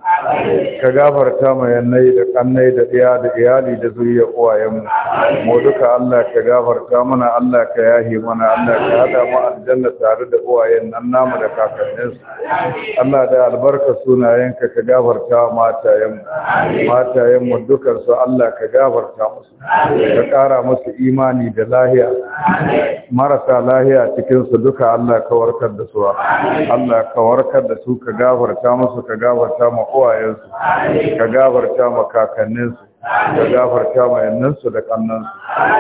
ka gafarta mu yannai da kannai da iya da iyali da zuriyar uwayenmu mu duka Allah ka gafarta mana Allah ka yaye mana Allah ka hada mu aljanna tare da uwayen nan namu da kakanninsu Allah da albarka sunaye sunayenka ka gafarta matayen matayen mu dukan su Allah ka gafarta musu ka ƙara musu imani da lahiya marasa lahiya cikin su duka Allah ka warkar da su Allah ka warkar da su ka gafarta musu ka gafarta ma uwayensu ka gafarta ma kakanninsu da gafarta ma su da kannansu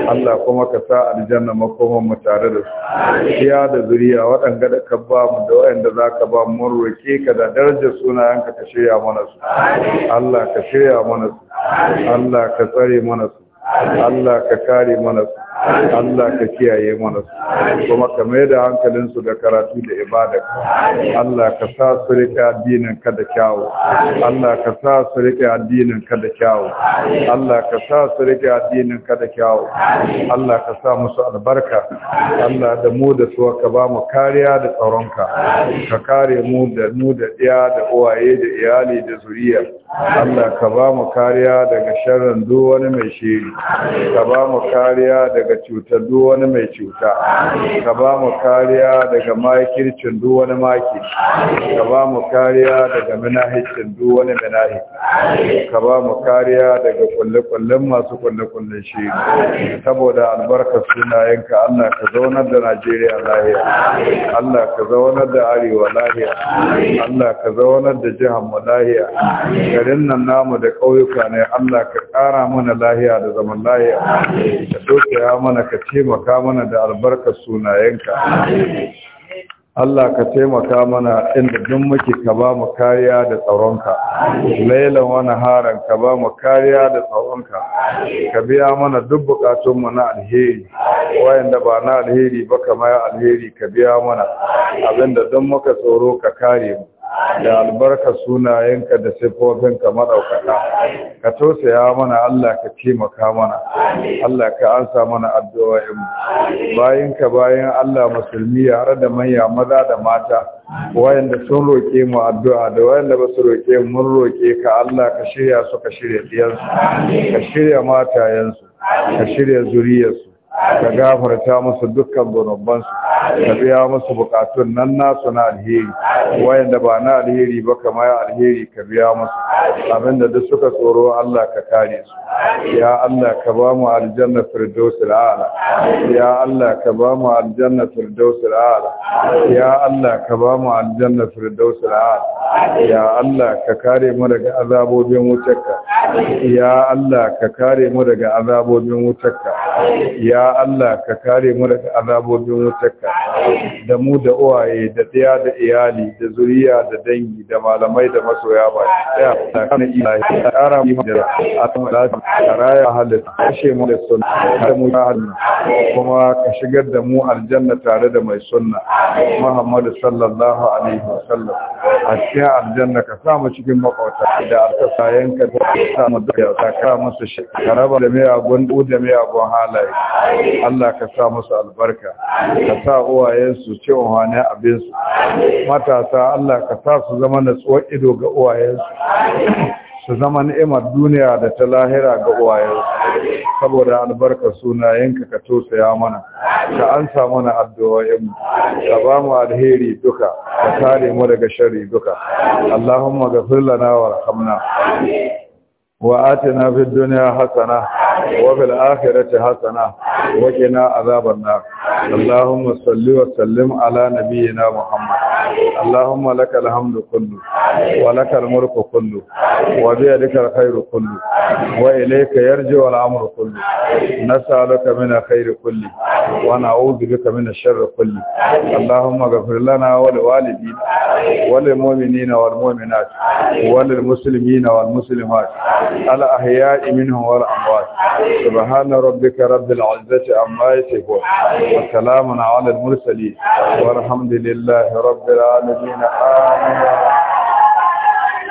Allah kuma ka sa aljanna makoman mu tare da su iya da zuriya waɗanda da ka ba mu da waɗanda za ka ba mu roƙe ka da darajar sunayenka ka shirya mana su Allah ka shirya mana su Allah ka tsare mana su Allah ka kare mana su Allah ka kiyaye mana su kuma ka mai da hankalin su da karatu da ibada Allah ka sa su rike addinin ka da kyawu Allah ka sa su rike addinin ka da kyawu Allah ka sa su rike addinin ka da kyawu Allah ka sa musu albarka Allah da mu da su ka ba mu kariya da tsaronka ka kare mu da mu da iya da uwaye da iyali da zuriya Allah ka ba mu kariya daga sharrin duk wani mai shiri ka ba mu kariya daga daga cutar duk wani mai cuta ka ba mu kariya daga makircin duk wani maki ka ba mu kariya daga minahicin duk wani minahi ka ba mu kariya daga kulle masu kulle shi saboda albarkar sunayenka Allah ka zaunar da Najeriya lahiya Allah ka zaunar da Arewa lahiya Allah ka zaunar da jihar mu lahiya garin nan namu da ƙauyuka ne Allah ka ƙara mana lahiya da zaman lahiya ka doke mana ka taimaka mana da albarkar sunayenka Allah ka taimaka mana inda duk muke ka ba mu kariya da tsaronka lailan wani haran ka ba mu kariya da tsaronka ka biya mana duk bukatun mu na alheri wayanda ba na alheri ba kama alheri ka biya mana abinda duk muka tsoro ka kare mu da albarka sunayenka da ka madaukaka ka tausaya mana Allah ka taimaka mana Allah ka ansa mana addu'o'in bayan ka bayan Allah musulmi har da manya maza da mata wayanda sun roke mu addu'a da wayanda ba su roke mun roke ka Allah ka shirya su ka shirya diyansu ka shirya matayensu ka shirya zuriyarsu ka gafarta musu dukkan zunubansu ka biya musu bukatun nan nasu na alheri wayanda ba na alheri ba kama ya alheri ka biya musu abinda duk suka tsoro Allah ka kare su ya Allah ka ba mu aljanna firdausul a'la ya Allah ka ba mu aljanna firdausul a'la ya Allah ka ba mu aljanna firdausul a'la ya Allah ka kare mu daga azabobin wutarka ya Allah ka kare mu daga azabobin wutarka ya ya Allah ka kare mu daga azabobin wutarka da mu da uwaye da tsaya da iyali da zuriya da dangi da malamai da masoya ba ya kana ilahi tsara mu da atmalati karaya halitta kashe mu da sunna da mu da hannu kuma ka shigar da mu aljanna tare da mai sunna Muhammad sallallahu alaihi wasallam a cikin aljanna ka sa mu cikin makwata da alkasayenka da samu da ka kama su shi ka raba da miyagun da miyagun halaye Allah ka sa musu albarka ka sa uwayensu cewa wani abinsu matasa Allah ka sa su zama natsuwar ido ga uwayensu su zama ni'imar duniya da ta lahira ga uwayensu saboda albarka sunayenka ka tosaya mana ka ansa mana addu'o'inmu ka ba mu alheri duka ka kare mu daga shari duka Allahumma ghafir lana warhamna وآتنا في الدنيا حسنة وفي الآخرة حسنة وقنا عذاب النار اللهم صل وسلم على نبينا محمد اللهم لك الحمد كله ولك الملك كله وبيدك الخير كله وإليك يرجع الأمر كله نسألك من الخير كله ونعوذ بك من الشر كله اللهم اغفر لنا ولوالدينا وللمؤمنين والمؤمنات وللمسلمين والمسلمات على أحياء منهم والأموات سبحان ربك رب العزة عما يصفون وسلام على المرسلين والحمد لله رب العالمين آمين